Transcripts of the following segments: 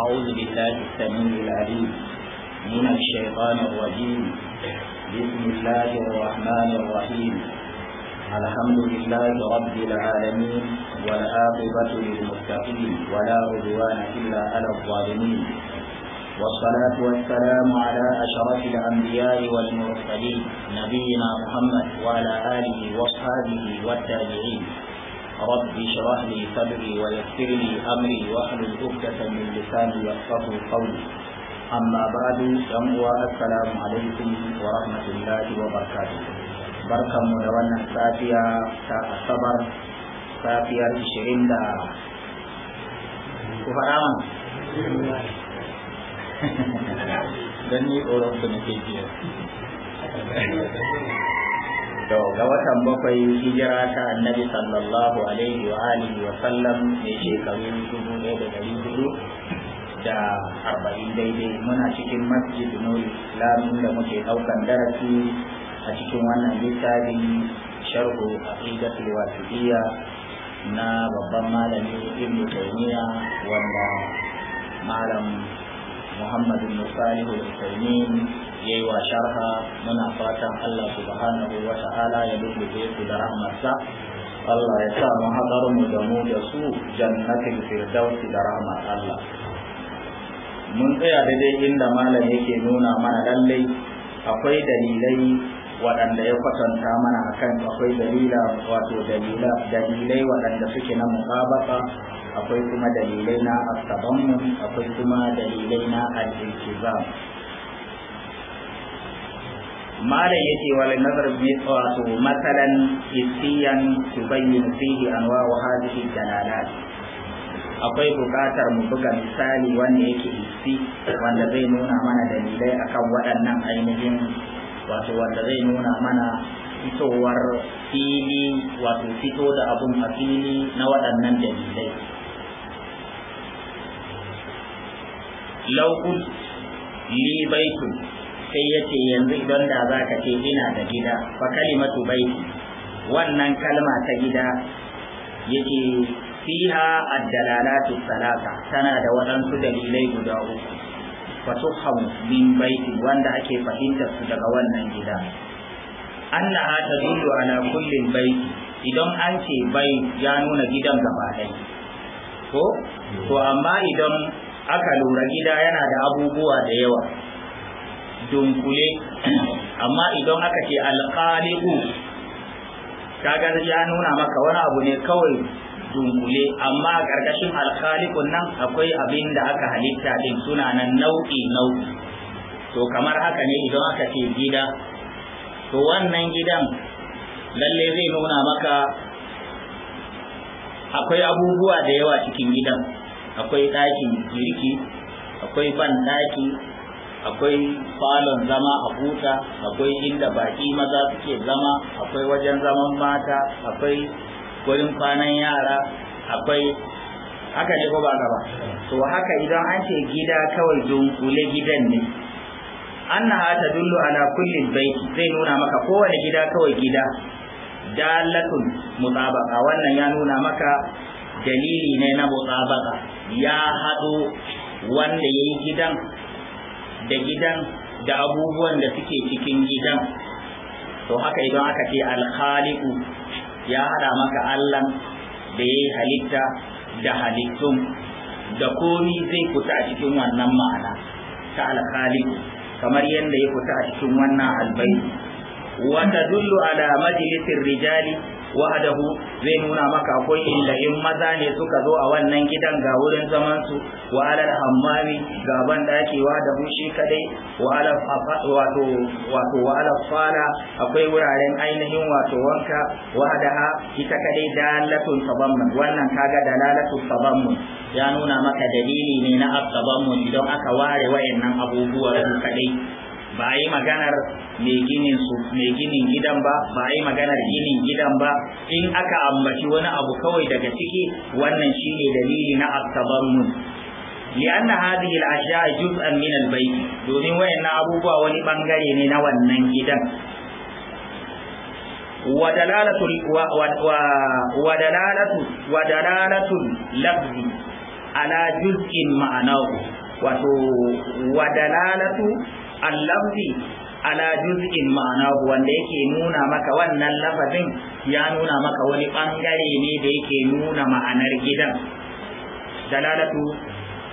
أعوذ بالله السميع العليم من الشيطان الرجيم بسم الله الرحمن الرحيم الحمد لله رب العالمين والعاقبة للمتقين ولا عدوان إلا على الظالمين والصلاة والسلام على أشرف الأنبياء والمرسلين نبينا محمد وعلى آله وأصحابه والتابعين رب اشرح لي صدري ويسر لي امري واحلل عقدة من لساني يفقهوا قولي اما بعد فهو السلام عليكم ورحمة الله وبركاته barkan mu da wannan safiya ta asabar safiyar 20 da ku faɗa mu don ni tsoron su nake jiya to ga watan bakwai hijira ta annabi sallallahu alaihi wa alihi wa sallam mai shekaru dubu ɗaya da ɗari hudu da arba'in daidai muna cikin masjid nuri islamin da muke ɗaukan darasi a cikin wannan littafi sharhu a aqidatul wasiliya na babban malami ibn taymiya wanda malam Muhammadu bin salih al yayi wa sharha muna fatan Allah subhanahu wa ta'ala ya lubuce su da rahmarsa Allah ya sa mu hadar mu da mu da su jannatin firdausi da rahmar Allah mun tsaya daidai inda malam yake nuna mana lallai akwai dalilai waɗanda ya kwatanta mana akan akwai dalila wato dalila dalilai waɗanda suke na musabaka akwai kuma dalilai na astabanmu akwai kuma dalilai na al-iltizam malam ce wal nazar bi wato masalan hissiyan tubayyin fihi anwa'u hadhihi dalalat akwai buƙatar mu buga misali wanda yake hissi wanda zai nuna mana dalilai akan waɗannan ainihin wato wanda zai nuna mana fitowar fili wato fito da abun a fili na waɗannan dalilai laukun li baitun sai ya ce yanzu idan da za ka ce ina da gida fa kalimatu baiti wannan kalma ta gida yake fiha ad-dalalatu salata tana da waɗansu dalilai guda uku fa tuhamu min baiti wanda ake fahimta su daga wannan gida annaha tadullu ala kulli baiti idan an ce bai ya nuna gidan gaba ɗaya ko to amma idan aka lura gida yana da abubuwa da yawa dunkule amma idan aka ce alƙaliku kaga ya nuna maka wani abu ne kawai dunkule amma ƙarƙashin alƙalikun nan akwai abin da aka halitta din suna nan nau'i nau'i to kamar haka ne idan aka ce gida to wannan gidan lalle zai nuna maka akwai abubuwa da yawa cikin gidan akwai ɗakin girki akwai ban ɗaki akwai falon zama a buta akwai inda baki maza suke zama akwai wajen zaman mata akwai gurin kwanan yara akwai haka ne ko ba gaba to haka idan an ce gida kawai dunkule gidan ne na hata dullu ala kulli baiti zai nuna maka kowane gida kawai gida dalatun mutabaka wannan ya nuna maka dalili ne na mutabaka ya haɗo wanda ya yi gidan da gidan da abubuwan da suke cikin gidan to haka idan aka ce alkhaliku ya hada maka allan da ya halitta da halittun da komi zai fita a cikin wannan ma'ana ta alkhaliku kamar yadda ya fita a cikin wannan albai wata dullu ala majalisir rijali wa'adahu zai nuna maka akwai illa in maza ne suka zo a wannan gidan ga wurin zaman su wa alal hammami ga ban dakewa da bushi kadai wa alal wato wato wa alal fala akwai wuraren ainihin wato wanka wa ita kadai dalatun tabammun wannan kaga dalalatu tabammun ya nuna maka dalili ne na tabammun idan aka ware wayannan abubuwa kadai ba a yi maganar mai ginin gidan ba ba a yi maganar ginin gidan ba in aka ambaci wani abu kawai daga ciki wannan shi ne dalili na Asabar Mun. attabarnun an na hadhihi al-ashya'a juz'an min al bai? domin wayannan abubuwa wani bangare ne na wannan gidan wa dalalatu wa dalalatu wa dalalatu lafzi ala juz'in ma'anahu wato wa dalalatu allafzi ala juz'in ma'anahu wanda yake nuna maka wannan lafazin ya nuna maka wani bangare ne da yake nuna ma'anar gidan dalalatu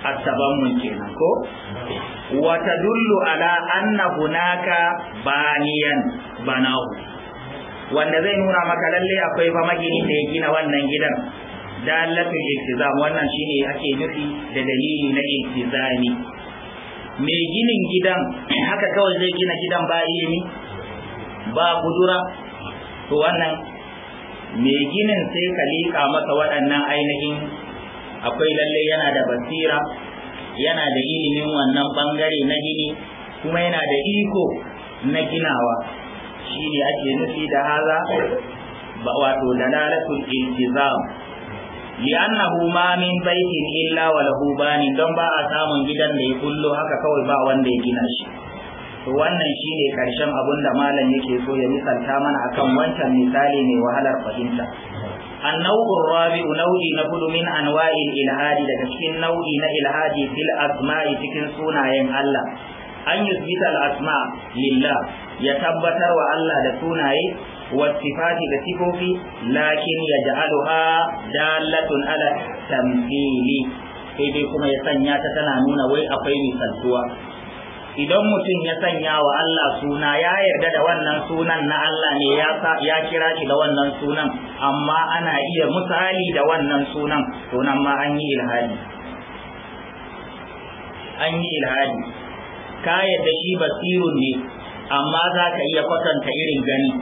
at-tabamun kenan ko wa tadullu ala anna hunaka baniyan banahu wanda zai nuna maka lalle akwai fa magini da ya gina wannan gidan dalalatu iltizam wannan shine ake nufi da dalili na iltizami mai ginin gidan haka kawai zai gina gidan ba ilimi ba kudura to wannan mai ginin sai ka liƙa masa waɗannan ainihin akwai lalle yana da basira yana da ilimin wannan ɓangare na gini kuma yana da iko na ginawa shi ne ake nufi da haza wato dalalatul iltizam li'annahu ma min baitin illa wa ba bani don ba a samun gidan da ya kullo haka kawai ba wanda ya gina shi to wannan shine karshen abun da malam yake so ya misalta mana akan wancan misali mai wahalar fahimta النوع nau'i na نقول من أنواع Ilhadi daga cikin nau'i na ilhadi fil asma'i cikin sunayen Allah an yusbita asma lillah ya tabbatar wa Allah da sunaye والصفات بصفوفي لكن يجعلها دالة على التمثيل sai dai kuma ya sanya ta tana nuna wai akwai misaltuwa idan mutum ya sanya wa Allah suna ya yarda da wannan sunan na Allah ne ya kira shi da wannan sunan amma ana iya misali da wannan sunan nan ma an yi ilhadi an yi ilhadi ka yadda shi basirun ne amma za ka iya kwatanta irin gani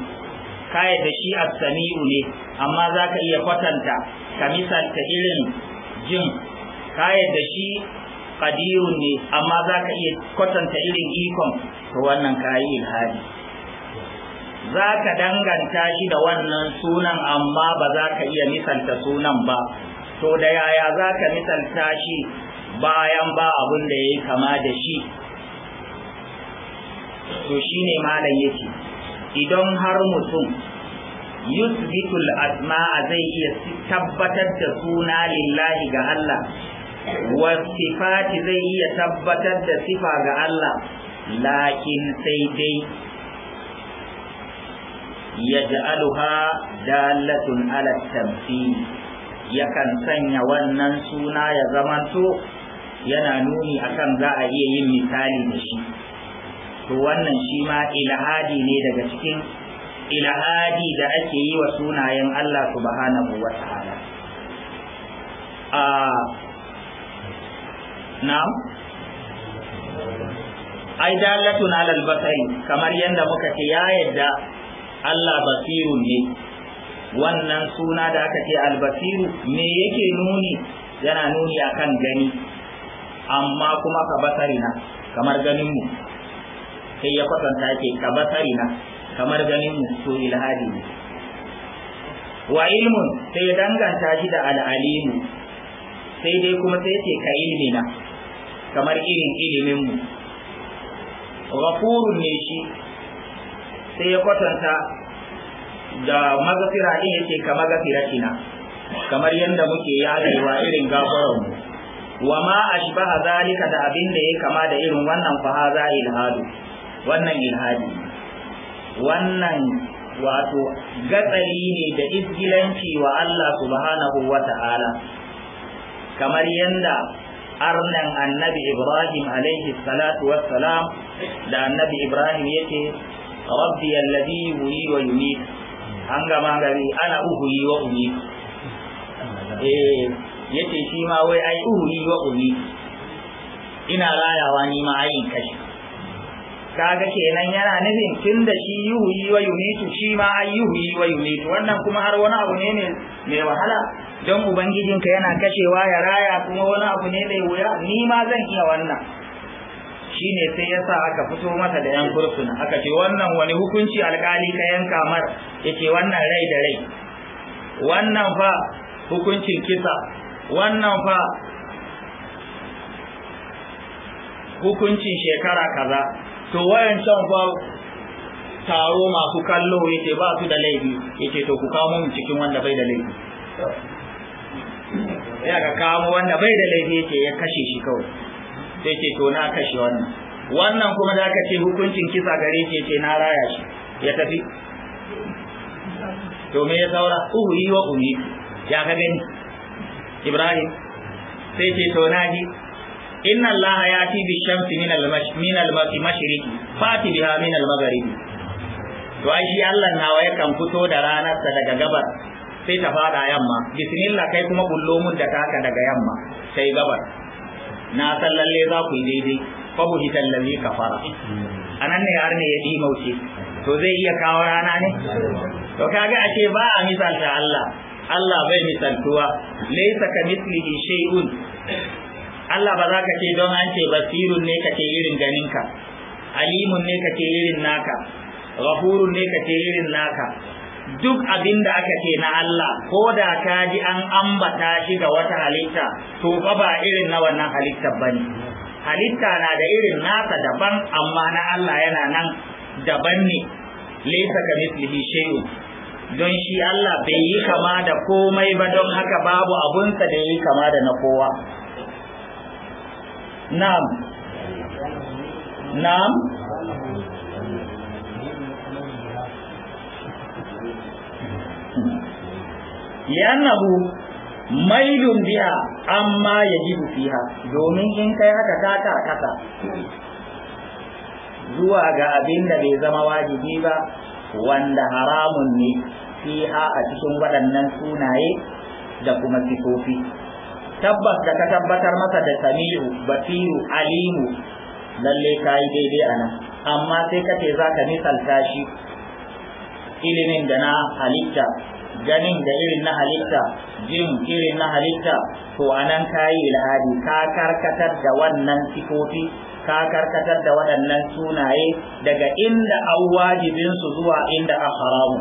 ka da shi as-sami'u ne amma za ka iya kwatanta ka misalta irin jin ka da shi qadirun ne amma za ka iya kwatanta irin ikon to wannan ka yi ilhadi za ka danganta shi da wannan sunan amma ba za ka iya misalta sunan ba to da yaya za ka misalta shi bayan ba abin da ya yi kama da shi to shine malam yake idan har mutum yusbitul asma'a zai iya tabbatar da suna lillahi ga Allah wa sifati zai iya tabbatar da sifa ga Allah lakin sai dai yaj'aluha dalatun ala tamthil yakan sanya wannan suna ya zamanto yana nuni akan za a iya yin misali da shi to wannan shi ma ilhadi ne daga cikin ilhadi da ake yi wa sunayen Allah subhanahu wa ta'ala a na ai dalatun alal basari kamar yadda muka ce ya yadda Allah basiru ne wannan suna da aka ce albasiru me yake nuni yana nuni akan gani amma kuma ka basarina kamar mu sai ya kwatanta ke kabasarina kamar ganin su ilhadi ne wa ilmun sai ya danganta shi da al'alimu sai dai kuma sai ce ka ilmina kamar irin iliminmu gafurun ne shi sai ya kwatanta da magafira ɗin yake ka magafiratina kamar yadda muke yadewa irin gafararmu wa ma ashbaha zalika da abin da ya kama da irin wannan fa haza ilhadu wannan ilhadi wannan wato gatsari ne da izgilanci wa Allah subhanahu wa ta'ala kamar yadda arnan annabi Ibrahim alaihi salatu wassalam da annabi Ibrahim yake rabbi alladhi yuhyi wa yumiit an gama gari ana uhuyi wa umiit eh yace shi ma wai ai uhuyi wa umiit ina rayawa ni ma ayin kashi kaga kenan yana nufin tun da shi yuhuyi wa yumitu shi ma ai yuhuyi wa yumitu wannan kuma har wani abu ne mai wahala don ubangijinka yana kashewa ya raya kuma wani abu ne mai wuya ni ma zan iya wannan shine sai ya sa aka fito masa da yan kursuna aka ce wannan wani hukunci alkali ka yanka mar ce wannan rai da rai wannan fa hukuncin kisa wannan fa hukuncin shekara kaza to can fa taro masu kallo yake ba su da laifi yake to ku kawo mun cikin wanda bai da laifi ya ka kawo wanda bai da laifi yake ya kashe shi kawai sai ce to na kashe wannan wannan kuma da aka ce hukuncin kisa gare shi yake na raya shi ya tafi to me ya saura uhu yi wa uhu ya ka gani Ibrahim sai ce to na ji inna allaha yati bi shamsi min al al mashriq fati biha min al maghrib to ai shi Allah nawa yakan fito da ranar sa daga gabar sai ta fada yamma bismillah kai kuma kullo mun da taka daga yamma sai gabar na san lalle za ku yi daidai fa buhital ladhi kafara anan ne arne ya di mauce to zai iya kawo rana ne to kaga ashe ba a misalta Allah Allah bai misaltuwa laysa ka mislihi shay'un Allah ba za ka ce don an ce basirun ne ka ce irin ganinka alimun ne ka irin naka ghafurun ne ka irin naka duk abin da aka ce na Allah ko da ka ji an ambata shi ga wata halitta to fa ba irin na wannan halittar bane halitta na da irin nasa daban amma na Allah yana nan daban ne laysa ka mislihi shay'un don shi Allah bai yi kama da komai ba don haka babu abunsa da yi kama da na kowa na'am na'am li'annahu mailun biha amma yajibu fiha domin in kai haka ta kasa zuwa ga abin da bai zama wajibi ba wanda haramun ne fiha a cikin waɗannan sunaye da kuma sifofi tabbas da ka tabbatar masa da sami'u basiru alimu lalle ka yi daidai a nan amma sai ka ce za ka misalta shi ilimin da na halitta ganin da irin na halitta jin irin na halitta to a nan ka yi ilhadi ka karkatar da wannan sifofi ka karkatar da waɗannan sunaye daga inda an su zuwa inda an haramu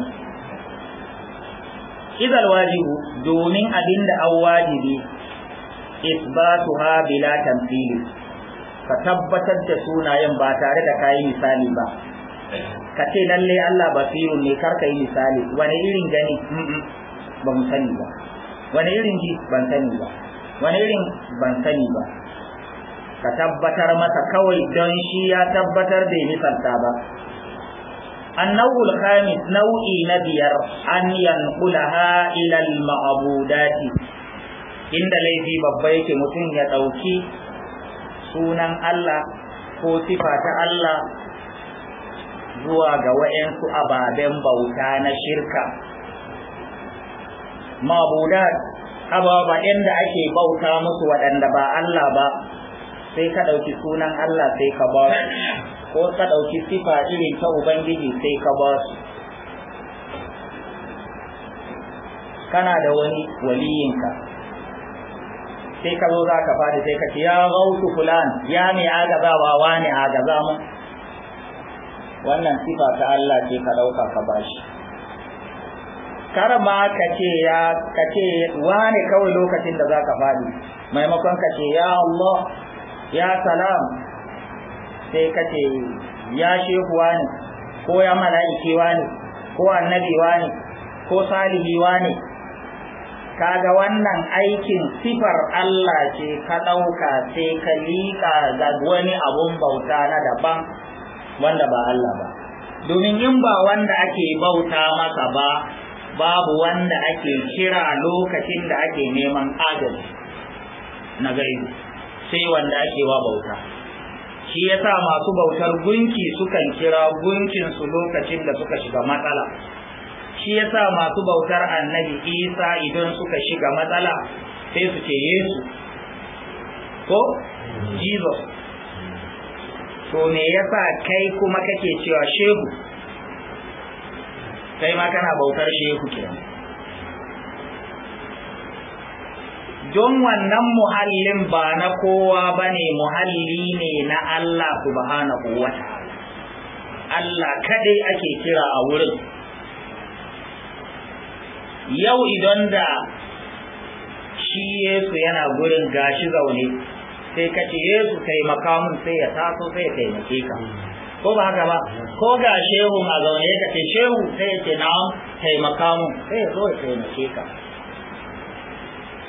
idan wajibu domin abin da an isbatuha bila tamthili ka tabbatar da sunayen ba tare da kayi misali ba ka ce lalle Allah basiru ne kar ka yi misali wani irin gani ba mu sani ba wani irin ji ban sani ba wani irin ban sani ba ka tabbatar masa kawai don shi ya tabbatar da misalta ba النوع الخامس نوعي نبير أن ينقلها إلى المعبودات inda laifi babba yake mutum ya ɗauki sunan Allah ko sifa ta Allah zuwa ga wa'yansu ababen bauta na shirka Mabuda ababa da ake bauta musu waɗanda ba Allah ba sai ka ɗauki sunan Allah sai ka ba ko ka ɗauki sifa irin ta Ubangiji sai ka ba su kana da wani waliyinka sai ka zo za ka fadi sai ka ce ya gautu fulan ya mai agazawa wa ne agaza mu wannan sifa ta Allah ce ka ɗauka ka bashi kar ma ka ce ya ka ce wa kawai lokacin da za ka fadi maimakon ka ce ya Allah ya salam sai ka ce ya wa ne ko ya mala'iki ne ko annabi ne ko salihi ne kaga wannan aikin sifar Allah ce ka ɗauka sai ka liƙa ga wani abun bauta na daban wanda ba Allah ba domin in ba wanda ake bauta masa ba babu wanda ake kira lokacin da ake neman agaji na gaibi sai wanda ake wa bauta shi yasa masu bautar gunki sukan kira gunkinsu lokacin da suka shiga matsala shi yasa masu bautar annabi isa idan suka shiga matsala sai su ce yesu ko jesus to me yasa kai kuma kake cewa shehu kai ma kana bautar shehu kenan don wannan muhallin ba na kowa ba ne muhalli ne na Allah subhanahu wa ta'ala Allah kadai ake kira a wurin yau idan da shi Yesu yana gurin gashi zaune sai ka ce Yesu taimaka makamun sai ya taso sai ya taimake ka ko ba haka ba ko ga shehu a zaune ka ce shehu sai ya ce na taimaka mun sai ya zo ya taimake ka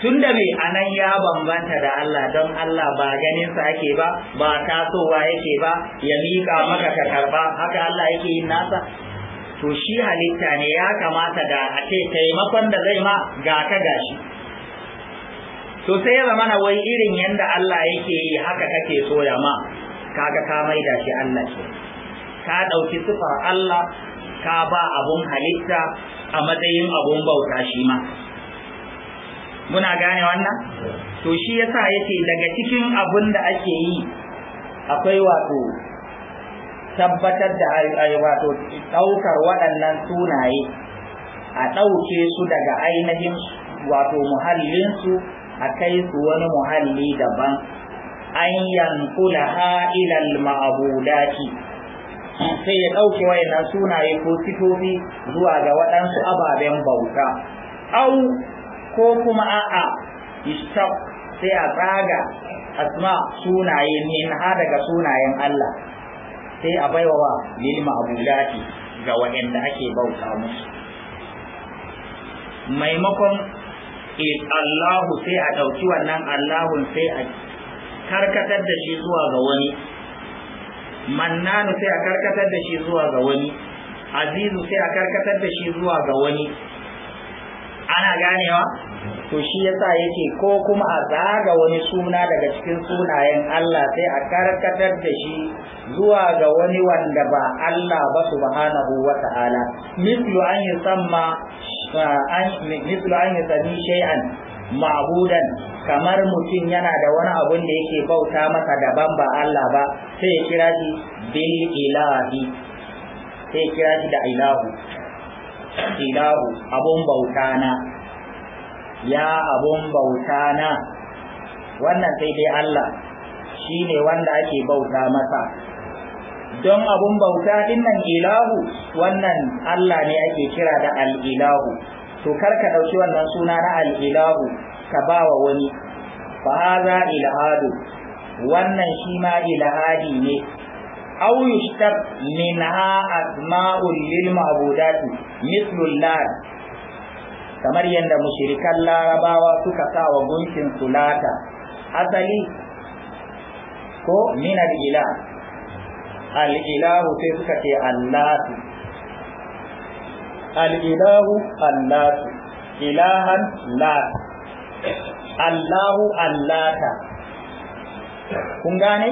tunda mai anan ya bambanta da Allah don Allah ba ganin sa ake ba ba tasowa yake ba ya miƙa maka ka karba haka Allah yake yin nasa to shi halitta ne ya kamata da a ce taimakon da zai ma ga ka gashi to sai ya zama wai irin yadda Allah yake yi haka kake so ya ma kaga ka da shi Allah ce ka ɗauki sifar Allah ka ba abun halitta a matsayin abun bauta shi ma muna gane wannan to shi yasa yake daga cikin abun da ake yi akwai wato tabbatar da wato ɗaukar waɗannan sunaye a ɗauke su daga ainihin wato muhallinsu a kai su wani muhalli daban an yankula ha'ilal ma'abudaki sai ya ɗauke waɗannan sunaye ko sifofi zuwa ga waɗansu ababen bauta au ko kuma a'a ishtaq sai a tsaga asma sunaye ne daga sunayen Allah sai a baiwa wa abu lati ga wa'anda ake bauta musu maimakon Allahu sai a ɗauki wannan Allahun sai a karkatar da shi zuwa ga wani mannanu sai a karkatar da shi zuwa ga wani azizu sai a karkatar da shi zuwa ga wani ana ganewa to shi yasa yake ko kuma a zaga wani suna daga cikin sunayen Allah sai a karkatar da shi zuwa ga wani wanda ba Allah ba subhanahu wa ta'ala mislu an yusamma an mislu an yusami shay'an ma'budan kamar mutum yana da wani abun da yake bauta masa daban ba Allah ba sai ya kira shi bil ilahi sai ya kira shi da ilahu ilahu abun bauta na ya abun bauta na wannan sai dai Allah shi ne wanda ake bauta masa don abun bauta din nan ilahu wannan Allah ne ake kira da Al-Ilahu, to karka ka ɗauki wannan suna na Al-Ilahu ka ba wa wani fa za ilhadu wannan shi ma ilhadi ne aw yushtab minha asma'ul lil ma'budati mithlu kamar yadda mushirikan larabawa suka sa wa gunkin sulata asali ko minar ila al'ilahu sai suka ce allatu al'ilahu allatu ilahan lat allahu allata kun gane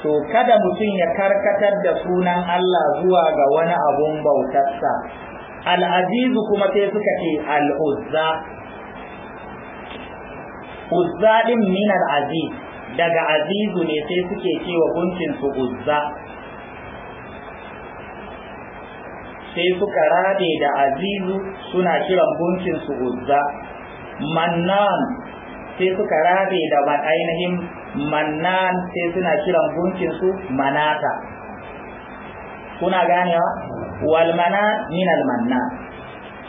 to kada mutum ya karkatar da sunan allah zuwa ga wani abun bautarsa al'azizu kuma sai suka ce al'uzza uzza din min al'aziz daga azizu ne sai suke cewa gunkin su uzza sai suka rabe da azizu suna kiran gunkin su uzza mannan sai suka rabe da ban ainihin mannan sai suna kiran gunkin su manata kuna ganewa walmana min almanna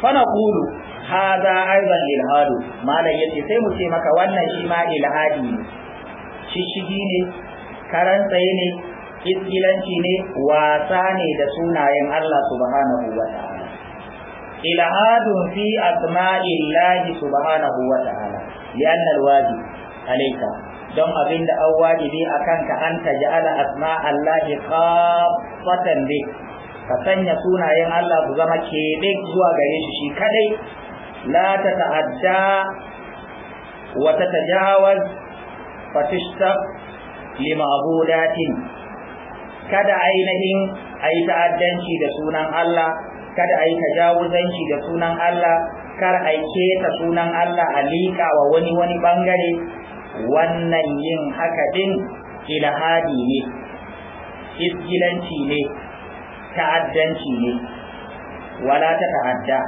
fa naqulu hadha aidan ilhadu malam ce. sai mu ce maka wannan shi ma ilhadi ne shishigi ne karan tsaye ne iskilanci ne wasa ne da sunayen Allah subhanahu wa ta'ala ilhadun fi asma'illahi subhanahu wa ta'ala li'anna alwajib alaika, don abinda an wajibi akan ka an taj'ala asma'allahi khaffatan bik ka sanya sunayen Allah su zama keɓe zuwa gare shi shi kadai la ta ta'adda wa ta tajawaz fatishta Latin, kada ainihin a yi ta'addanci da sunan Allah kada a yi tajawuzanci da sunan Allah kar a keta sunan Allah a liƙa wa wani wani bangare wannan yin haka din ilhadi ne isgilanci ne ta'addanci ne wala ta ta'adda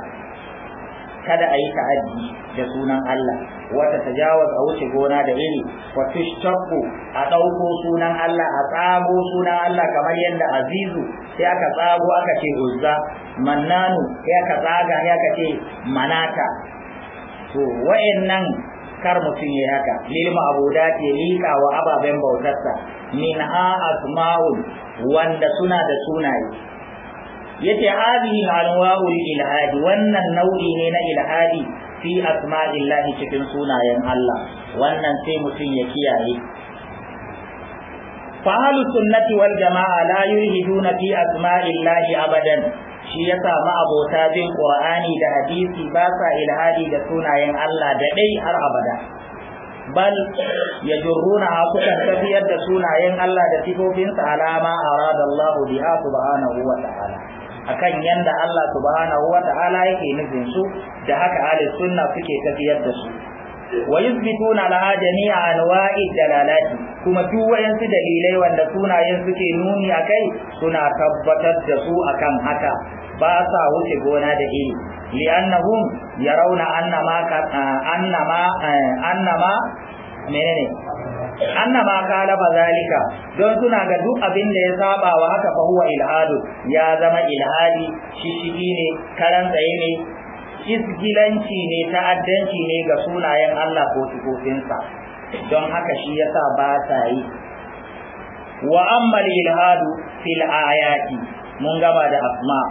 kada a yi ta'addi da sunan Allah wata ta tajawaz a wuce gona da iri wa tushtaqu a ɗauko sunan Allah a tsago sunan Allah kamar yadda azizu sai aka tsago aka ce uzza mannanu sai aka tsaga sai aka ce manata to wa'annan kar mutum ya haka lil ma'buda ke lika wa ababen bautarsa min a asma'ul wanda suna da sunaye yace hadhihi anwa'u ilhadi wannan nau'i ne na ilhadi fi asma'illahi cikin sunayen Allah wannan sai mutum ya kiyaye fahalu sunnati wal jama'a la yulhiduna fi asma'illahi abadan shi ya samu abota bin qur'ani da hadisi ba sa ilhadi da sunayen Allah da dai har abada bal a kusan tafiyar da sunayen Allah da sifofinsa alama arada Allah biha subhanahu wa ta'ala akan yanda Allah subhanahu wa ta'ala yake nufin su da haka ahli sunna suke tafiyar da su wa yuthbituna laha jami'a anwa'i dalalati kuma duk wayansu dalilai wanda sunayen suke nuni akai suna tabbatar da su akan haka ba sa wuce gona da iri li'annahum yarawna annama annama eh, annama menene annama kala fa zalika don suna ga duk abin da ya saba wa haka fa huwa ilhadu ya zama ilhadi shishigi ne karan ne isgilanci ne ta'addanci ne ga sunayen Allah ko sifofinsa don haka shi yasa ba sa yi wa amma ilhadu fil ayati mun gaba da asma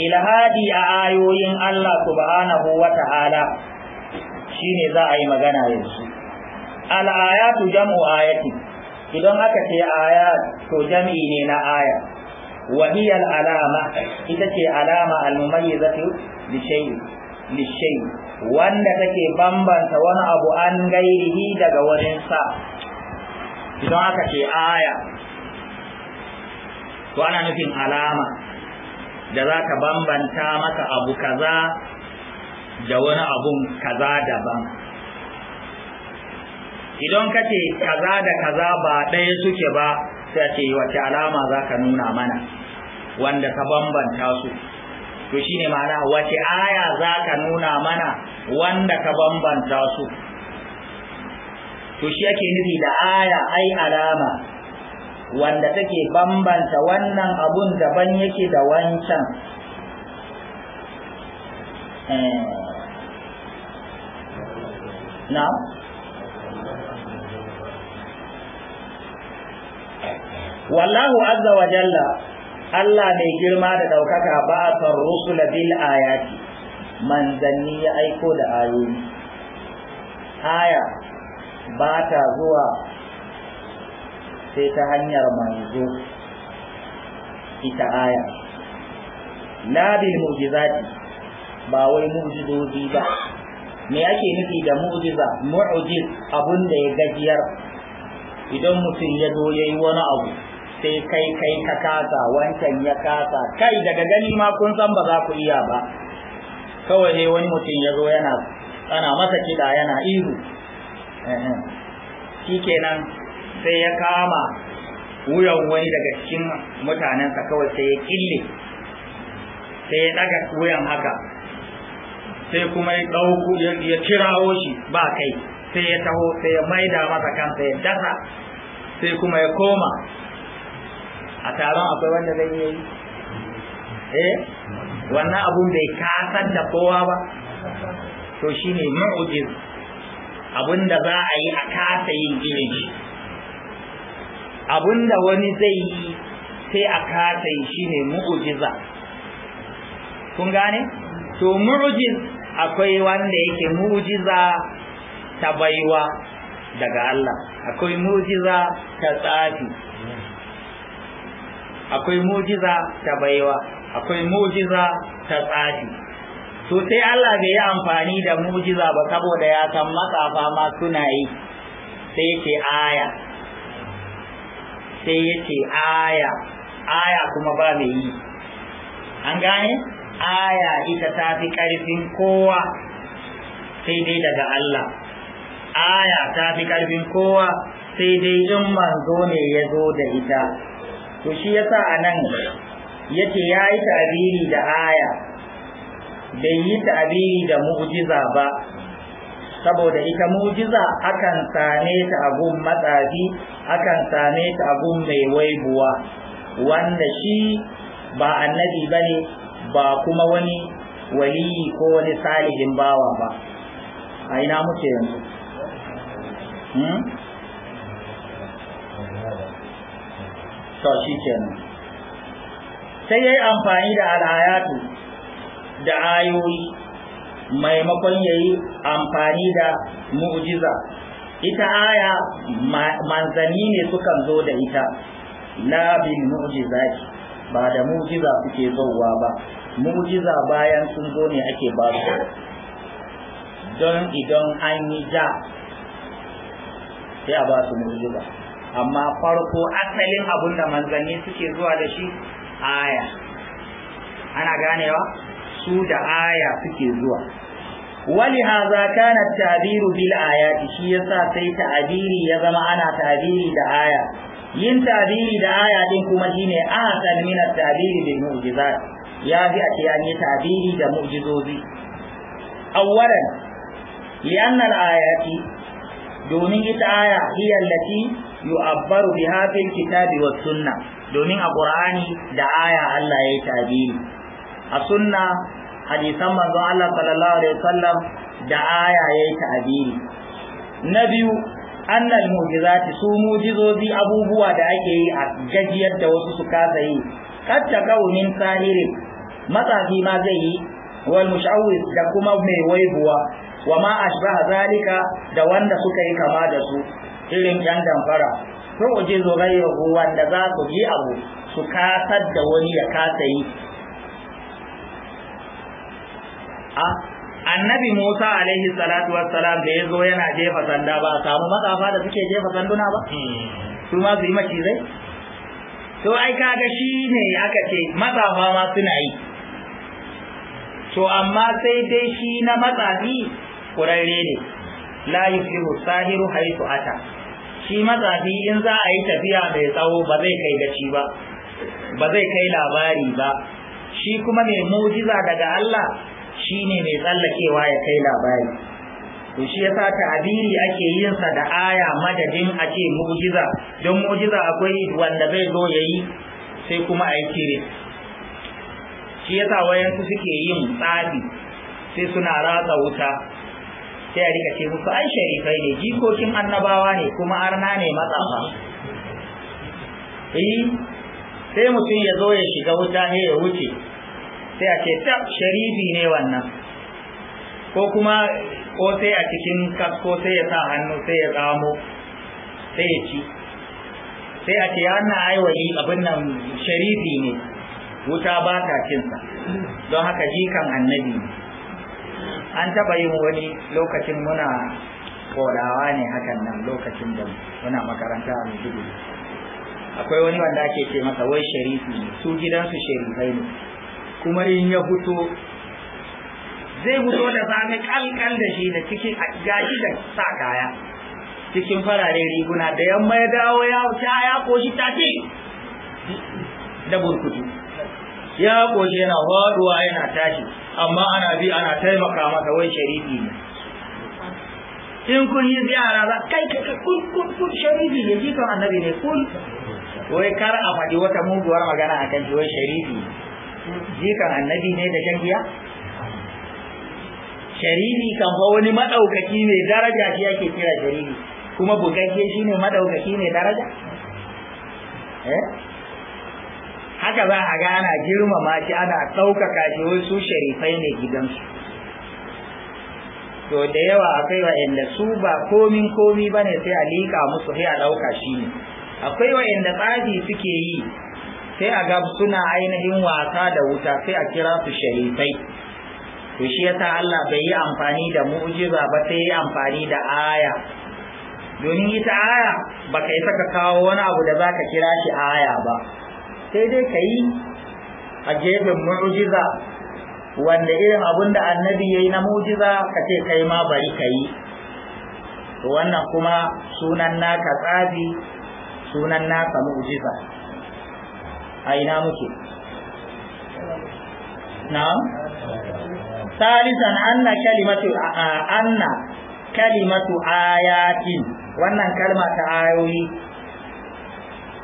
ilhadi a ayoyin Allah subhanahu wa ta'ala shine za a yi magana yanzu al'ayatu jam'u ayati idan aka ce aya to jam'i ne na aya wa hiya ita ce alama al-mumayyizatu li shay'in li wanda take bambanta wani abu an gairihi daga wani sa idan aka ce aya to ana nufin alama da za ka bambanta maka abu kaza da wani abun kaza daban idan ka ce kaza da kaza ba ɗaya suke ba sai ce wace alama za ka nuna mana wanda ka bambanta su to shi ne ma'ana wace aya za ka nuna mana wanda ka bambanta su to shi ake nufi da aya ai alama wanda take bambanta wannan abun daban yake da wancan eh. na wallahu azza wa jalla Allah mai girma da ɗaukaka ba a san rusula bil ayati manzanni ya aiko da ayoyi aya ba ta zuwa sai ta hanyar manzo ita aya la bil mu'jizati ba wai mu'jizozi ba me ake nufi da mu'jiza mu'jiz abun da ya gajiyar idan mutum ya zo yayi wani abu sai kai kai ka kasa wancan ya kasa kai daga gani ma kun san ba za ku iya ba kawai ne wani mutum ya zo yana ana masa kiɗa yana ihu eh, eh. shi kenan sai ya kama wuyan wani daga cikin mutanensa kawai sai ya kille sai ya ɗaga wuyan haka sai kuma ya ɗauku ya kirawo shi ba kai sai ya taho sai ya maida masa kansa ya dasa sai kuma ya koma a taron akwai wanda zai yi yi eh wannan abun bai kasar da kowa ba to shine mu'jiz abun da za a yi a kasa yin ginin shi abun da wani zai yi sai a kasa yi ne mu'jiza kun gane to mu'jiz akwai wanda yake mu'jiza ta baiwa daga Allah akwai mu'jiza ta tsafi akwai mujiza ta baiwa akwai mujiza ta tsari. to sai Allah bai yi amfani da mujiza ba saboda ya san matsafa ma suna yi sai yake aya sai yake aya aya kuma ba mai yi an gane aya ita ta fi ƙarfin kowa sai dai daga Allah aya ta fi ƙarfin kowa sai dai in manzo ne ya zo da ita to shi yasa a nan yace ya yi da aya bai yi tabiri da mu'jiza ba saboda ita mu'jiza akan same ta a matsafi akan same ta a mai waibuwa wanda shi ba annabi bane ba kuma wani waliyi ko wani salihin bawa ba a ina muke yanzu hmm? to shi kenan sai ya amfani da al'ayatu da ayoyi maimakon ya yi amfani da mu'jiza ita aya manzani ne sukan zo da ita labin mu'jiza ba da mu'jiza suke zowa ba mu'jiza bayan sun zo ne ake ba su don idan an yi ja sai a ba su mu'jiza amma farko asalin abun da manzanni suke zuwa da shi aya ana ganewa su da aya suke zuwa wali haza kana tabiru bil ayati shi yasa sai tabiri ya zama ana tabiri da aya yin tabiri da aya din kuma shine asal min at-tabiri bil mu'jizat ya fi a ce tabiri da mu'jizozi awwalan li anna al-ayati domin ita aya hiya allati yu'abbaru bi hadhihi kitabi was sunna domin a qur'ani da aya Allah ya yi tabiri a sunna hadisan manzon Allah sallallahu alaihi wasallam da aya ya yi tabiri na biyu annal mu'jizati su mu'jizozi abubuwa da ake yi a gajiyar da wasu su kasa yi katta kaunin sahiri matsafi ma zai yi wal mushawwis da kuma mai waibuwa wa ma ashbaha zalika da wanda suka yi kama da su irin yan damfara sun uji zurayyahu wanda za su yi abu su kasar da wani ya kasa yi annabi musa alaihi salatu wassalam da ya zo yana jefa sanda ba a samu matsafa da suke jefa sanduna ba hmm. su ma su yi macizai to ai kaga shi ne aka ce matsafa ma suna yi to amma sai dai shi na matsafi kurarre ne la yusiru sahiru haitu ata shi mazafi in za a yi tafiya mai tsawo ba zai kai gaci ba ba zai kai labari ba shi kuma mai mujiza daga Allah shi ne mai tsallakewa ya kai labari to shi yasa ta'abiri ake yin sa da aya madadin a mujiza don mujiza akwai wanda zai zo yayi sai kuma a yi shi yasa wayansu suke yin tsafi sai suna ratsa wuta sai a rika ce musu ai sharifai ne jikokin annabawa ne kuma arna ne matsafa eh sai mutum ya zo ya shiga wuta ne ya wuce sai a ce ta sharifi ne wannan ko kuma ko sai a cikin kasko sai ya sa hannu sai ya tsamo sai ya ci sai a ce wannan ai abin nan sharifi ne wuta ba ta cinsa don haka jikan annabi ne an taɓa yin wani lokacin muna kodawa ne hakan nan lokacin da muna makaranta a Maiduguri akwai wani wanda ake ce masa wai sharifi ne su gidansu sharifai ne kuma in ya fito zai fito da sami kankan da shi da cikin gashi da sa kaya cikin farare riguna da yamma ya dawo ya wuce ya koshi take da burkutu ya koshi yana faduwa yana tashi amma ana bi ana taimaka masa wai shariki ne in kun yi ziyara za kai ka kun kun kun shariki ne jikan annabi ne kun wai kar a faɗi wata muguwar magana akan shi wai shariki jikan annabi ne da shan giya shariki kan fa wani madaukaki ne daraja shi ake kira shariki kuma bugagge shine madaukaki ne daraja eh haka za a gana girmama shi ana ɗaukaka shi wai su sharifai ne gidansu to da yawa akwai wa'anda su ba komin komi ba ne sai a liƙa musu sai a ɗauka shi ne akwai wa'anda tsafi suke yi sai a ga suna ainihin wasa da wuta sai a kira su sharifai to shi yasa Allah bai yi amfani da mu'jiza ba sai yi amfani da aya domin ita aya baka isa ka kawo wani abu da zaka kira shi aya ba sai dai ka yi a gefen mu'jiza wanda irin abun da annabi ya yi na mu'jiza ka ce kai ma bari ka yi wannan kuma sunan naka tsabi sunan naka mu'jiza a ina muke na'am an na kalimatu أن كلمة آيات wannan kalma ta ayoyi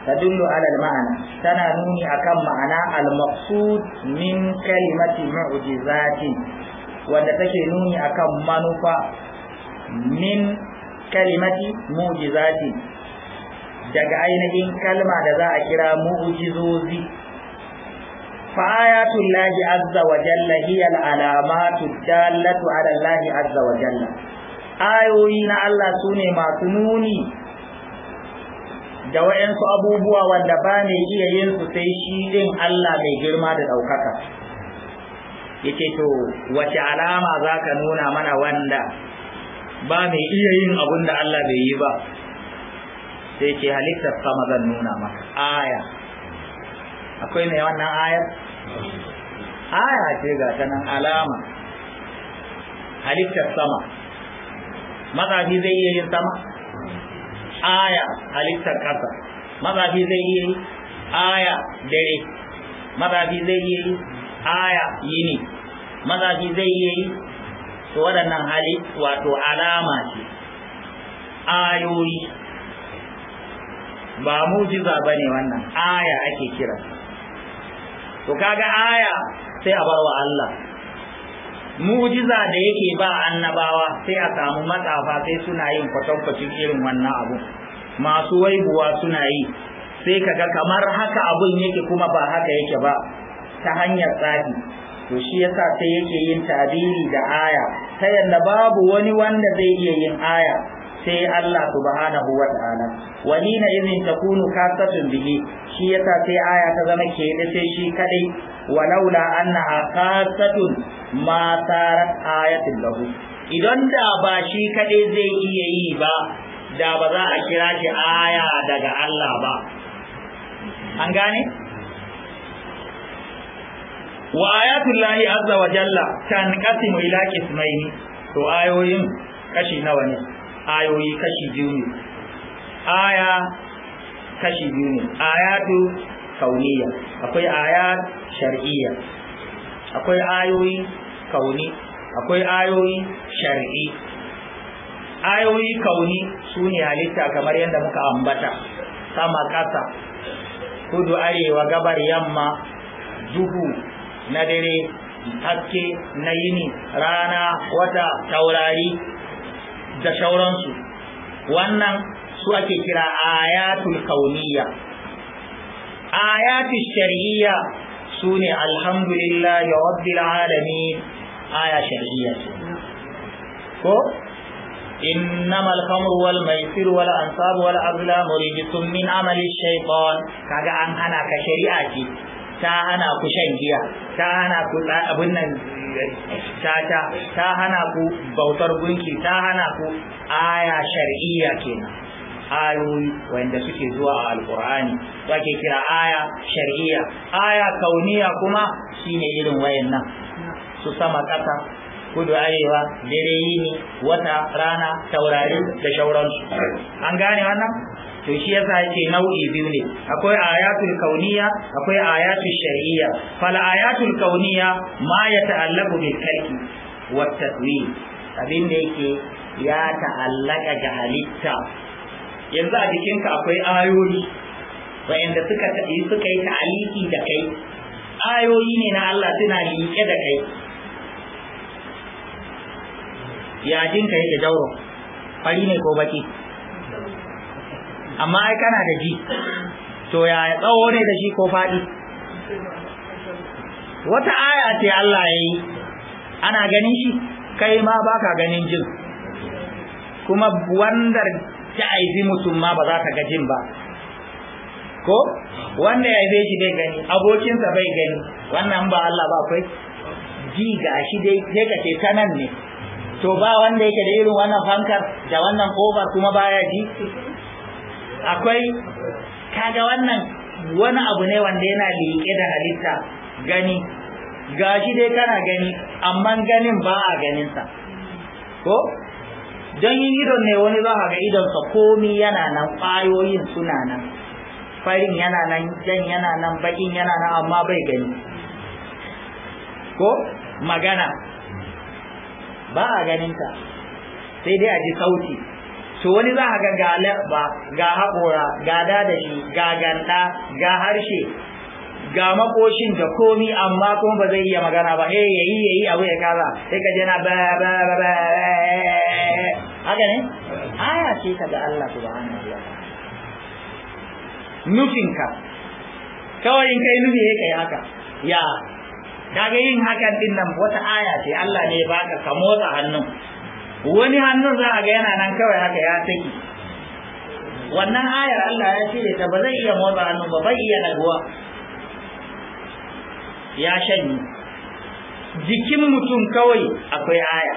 tadullu ala al-ma'ana tana nuni akan ma'ana al-maqsud min kalimati mu'jizati wanda take nuni akan manufa min kalimati mu'jizati daga ainihin kalma da za a kira mu'jizozi fa ayatul lahi azza wa jalla hiya al-alamatu dallatu ala allahi azza wa jalla ayoyi na Allah sune masu nuni da wa'yansu abubuwa wanda ba ne iya yin su sai shi din Allah mai girma da ɗaukaka yake to wace alama za ka nuna mana wanda ba mai iya yin abun da Allah bai yi ba sai ke halittar sama zan nuna maka aya akwai mai wannan ayar aya ce ga ta nan alama halittar sama matsafi zai iya yin sama aya halittar ƙasa mazafi zai yi aya dare mazafi zai yi aya yini mazafi zai yi to waɗannan hali wato alama ce ayoyi ba mujiza ba ne wannan aya ake kira to kaga aya sai a wa Allah mujiza da yake ba annabawa sai a samu matsafa sai suna yin kwatankwacin irin wannan abu masu waibuwa suna yi sai kaga kamar haka abun yake kuma ba haka yake ba ta hanyar tsafi to shi yasa sai yake yin tabiri da aya ta yadda babu wani wanda zai iya yin aya sai Allah subhanahu wa ta'ala walina idin takunu kasatun bihi shi yasa sai aya ta zama ke da sai shi kadai walaula annaha kasatun ma sarat ayatin lahu idan da ba shi kadai zai iya yi ba da ba za a kira shi aya daga Allah ba an gane wa ayatul lahi azza wa jalla tanqasimu ila qismaini to ayoyin kashi nawa ne ayoyi kashi biyu ne aya kashi biyu ne ayatu kauniya akwai ayat shar'iyya akwai ayoyi kauni akwai ayoyi shar'i ayoyi kauni sune halitta kamar yadda muka ambata sama ƙasa kudu arewa gabar yamma duhu na dare haske na yini rana wata taurari da shauransu wannan su ake kira ayatul kauniya ayatul shari'iyya sune ne alhamdulillahi rabbil alamin aya shar'iyya ce ko innamal khamru wal maisir wal ansab wal azlam rijsun min amali shaytan kaga an hana ka shari'a ce ta hana ku shan giya ta hana ku abin nan tata ta hana ku bautar gunki ta hana ku aya shar'iyya kenan ayoyi wanda suke zuwa a alkur'ani su ake kira aya shar'iyya aya kauniya kuma shine irin wayannan su sama ƙasa kudu arewa dare yini wata rana taurari da shauransu an gane wannan to shi yasa yake nau'i biyu ne akwai ayatul kauniya akwai ayatul shar'iyya fal ayatul kauniya ma ya ta'allaqu bil khalqi wa tatwin abin da yake ya ta'allaka ga halitta yanzu a jikinka akwai ayoyi wayanda suka suka yi ta'aliki da kai ayoyi ne na Allah suna liƙe da kai Ya yajinka yake jauro fari ne ko baki amma ai kana da ji to ya tsawo ne da shi ko faɗi wata aya ce Allah ya yi ana ganin shi kai ma baka ganin jin kuma wandar ta aifi mutum ma ba za ka ga jin ba ko wanda ya aife shi bai gani abokinsa bai gani wannan ba Allah ba kai ji ga shi dai sai ka ce ta ne to ba wanda yake da irin wannan fankar da wannan kofar kuma baya ji akwai kaga wannan wani abu ne wanda yana liƙe da halitta gani gashi dai kana gani amma ganin ba a ganinsa ko don yin idon ne wani za ga sa, komi yana nan ƙwayoyin suna nan farin yana nan jan yana nan bakin yana nan amma bai gani ko magana ba a ganin ta sai dai a ji sauti to wani za a ga ga ga haƙora ga dadashi ga ganda ga harshe ga makoshin da komi amma kuma ba zai iya magana ba eh yayi yayi abu ya kaza sai ka jana ba ba ba ba haka ne aya ce ka ga Allah subhanahu wa ta'ala nufinka kawai in kai nufi kai haka ya kaga yin hakan din nan wata aya ce Allah ne baka ka motsa hannu. wani hannun za a ga yana nan kawai haka ya saki wannan ayar Allah ya ce ta ba zai iya motsa hannun ba bai iya naguwa ya shanyi jikin mutum kawai akwai aya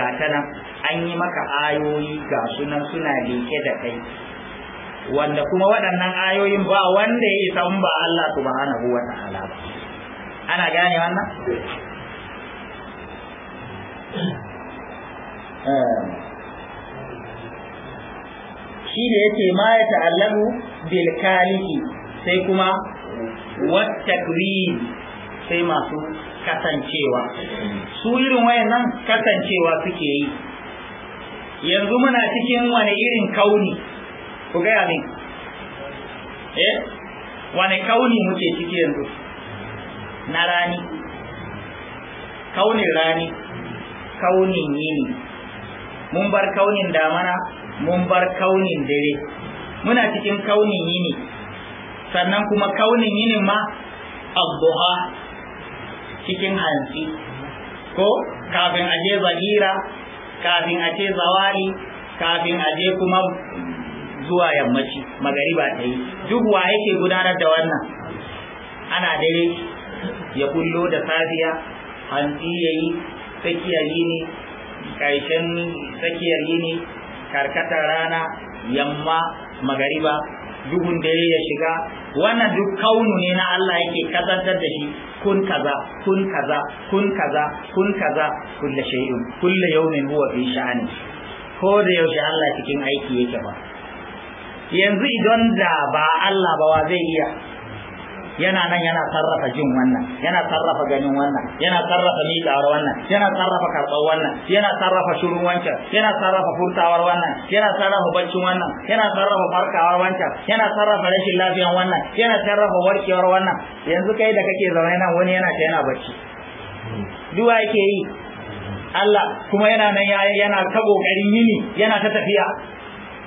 ga ta nan an yi maka ayoyi ga sunan suna leke da kai wanda kuma waɗannan ayoyin ba wanda ya isa ba Allah subhanahu wa ta'ala ba ana gane wannan ehm. shi da yake ma ya ta'allabu bil kalihi sai kuma wattakwin sai masu kasancewa su irin wayannan kasancewa suke yi yanzu muna cikin wani irin kauni ku gaya min eh wani kauni muke ciki yanzu na rani kaunin rani kaunin yini mun bar kaunin damana mun bar kaunin dare muna cikin kaunin yini sannan kuma kaunin yini ma abduha cikin hansi ko kafin aje zahira kafin aje zawali kafin aje kuma zuwa yammaci magariba ta yi duk wa yake gudanar da wannan ana dare ya kullo da safiya hanti ya yi tsakiyar yini ƙarshen tsakiyar yini karkatar rana yamma magariba duhun dare ya shiga wannan duk kaunu ne na Allah yake kazantar da shi kun kaza kun kaza kun kaza kun kaza kullu shay'in kullu yawmin huwa fi sha'ani ko da yaushe Allah cikin aiki yake ba yanzu idan da ba Allah ba wa zai iya yana nan yana sarrafa jin wannan yana sarrafa ganin wannan yana sarrafa miƙawar wannan yana sarrafa karɓar wannan yana sarrafa shirin wancan yana sarrafa furtawar wannan yana sarrafa baccin wannan yana sarrafa farkawar wancan yana sarrafa rashin lafiyar wannan yana sarrafa warkewar wannan yanzu kai da kake zaune nan wani yana ta yana bacci duwa yake yi Allah kuma yana nan yana ta kokarin yini yana ta tafiya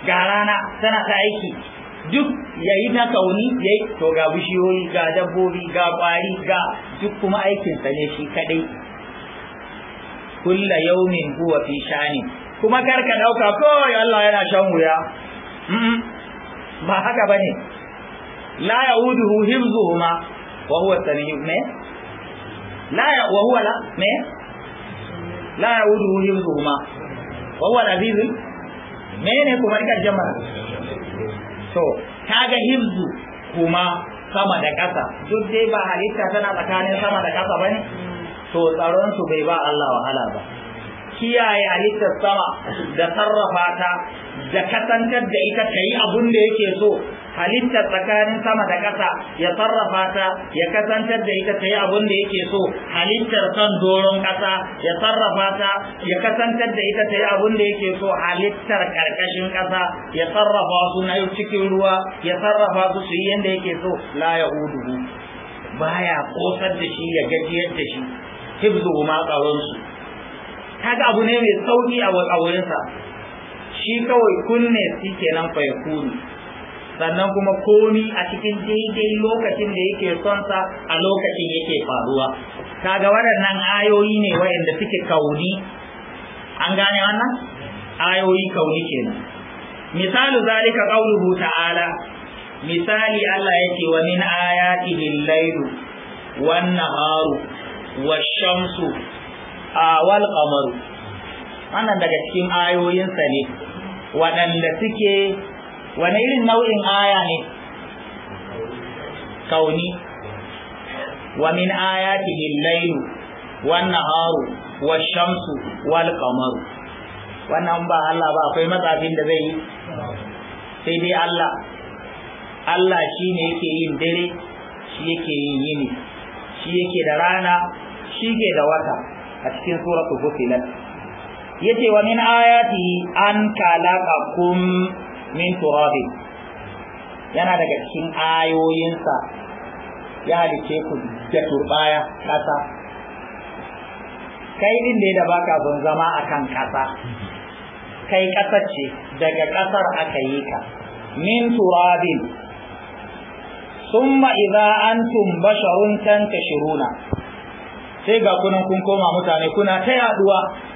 ga rana tana ta aiki duk ya yi na kauni yi to ga bishiyoyi ga dabbobi ga kwari ga duk kuma aikin sa ne shi kadai kulla yaumin huwa fi shani kuma karka dauka kawai Allah yana shan wuya ba haka bane la yauduhu himzuhuma wa huwa sanihim ne la ya wa huwa la ne la yauduhu himzuhuma wa huwa al-azizul mene kuma rikar jama'a to kaga hibzu kuma sama da ƙasa duk dai ba halitta tana tsakanin sama da ƙasa bane to tsaron su bai ba Allah wahala ba kiyaye halittar sama da sarrafa ta da kasantar da ita ta yi abun da yake so halittar tsakanin sama da ƙasa ya sarrafa ta ya kasantar da ita ta yi abun da yake so halittar kan doron ƙasa ya sarrafa ta ya kasantar da ita ta yi abun da yake so halittar ƙarƙashin ƙasa ya sarrafa su na cikin ruwa ya sarrafa su su yi yadda yake so la ya uduhu baya kosar da shi ya gajiyar da shi hibzu ma tsaron su kaga abu ne mai sauki a wurinsa shi kawai kunne shi kenan fa yakunu sannan kuma komi a cikin daidai lokacin da yake son sa a lokacin yake faruwa kaga waɗannan ayoyi ne waɗanda suke kauni an gane wannan ayoyi kauni kenan misalu zalika qauluhu ta'ala misali Allah yake wa min ayatihi al-lailu wan naharu wash-shamsu wal qamaru wannan daga cikin ayoyinsa ne waɗanda suke wani irin nau'in aya ne kauni wa min ayatihi al-lailu wan naharu wash-shamsu wal-qamaru wannan ba Allah ba akwai matsafin da zai yi sai dai Allah Allah shine yake yin dare shi yake yin yini shi yake da rana shi ke da wata a cikin suratul fusilat yace wa min ayati an kalaqakum min turabin yana daga cikin ayoyinsa ya halice ku da turbaya kasa kai din da da baka son zama akan kasa kai kasar ce daga kasar aka yi ka min an thumma idza antum basharun tankashiruna sai ga kunan kun koma mutane kuna ta yaduwa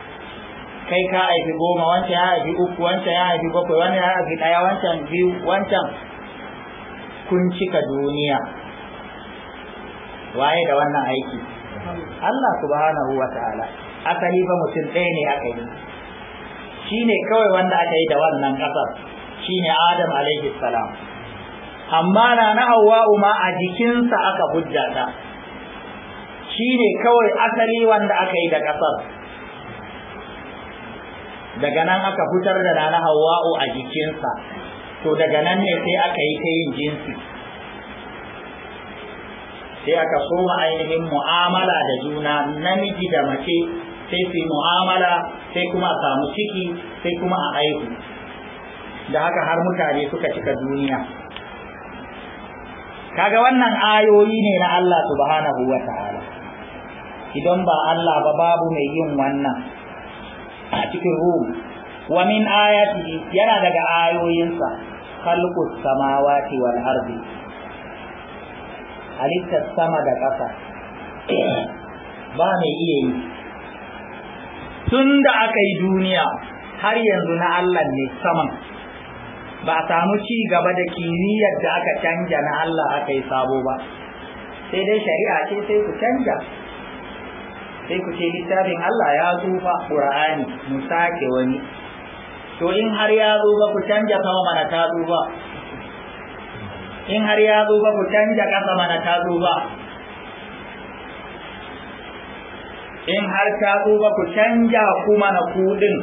kai ka haifi goma wancan ya haifi uku wancan ya haifi bakwai wancan ya haifi ɗaya wancan biyu wancan kun cika duniya waye da wannan aiki Allah subhanahu wa ta'ala asali ba mutum ɗaya ne aka yi shi ne kawai wanda aka yi da wannan ƙasar shi ne adam alaihi salam amma na na hawa'u ma a jikinsa aka hujja ta shi ne kawai asali wanda aka yi da ƙasar daga nan aka fitar da rana hawa'u a jikinsa to daga nan ne sai aka yi ta yin jinsi sai aka soma ainihin mu'amala da juna namiji da mace sai su mu'amala sai kuma a samu ciki sai kuma a aihu. da haka har mutane suka cika duniya kaga wannan ayoyi ne na Allah subhanahu wa ta'ala idan ba Allah ba babu mai yin wannan a cikin ruhu wa min ayati yana daga ayoyinsa khalqus samawati wal ardi halittar sama da ƙasa ba mai iya yi tun da aka yi duniya har yanzu na Allah ne saman ba a samu ci gaba da kimiyyar da aka canja na Allah aka yi sabo ba sai dai shari'a ce sai ku canja sai ku ce littafin Allah ya tsufa Qur'ani mu sake wani to in har ya ba ku canja kawo mana ta tsufa in har ya ba ku canja kasa mana ta tsufa in har ta tsufa ku canja kuma na kudin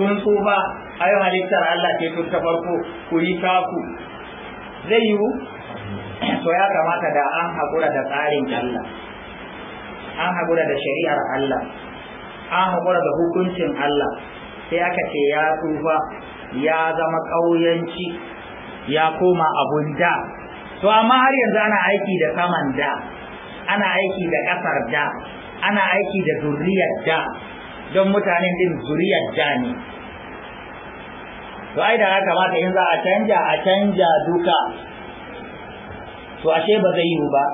kun tsufa ayo halittar Allah ke tun ta farko ku yi taku zai yiwu to ya kamata da an haƙura da tsarin Allah an haƙura da shari'ar Allah an haƙura da hukuncin Allah sai aka ce ya tsufa ya zama ƙauyenci, ya koma abun da to amma har yanzu ana aiki da saman da ana aiki da ƙasar da ana aiki da zuriyar da don mutanen din zuriyar da ne to ai da ya kamata in za a canja a canja duka to ashe ba zai yiwu ba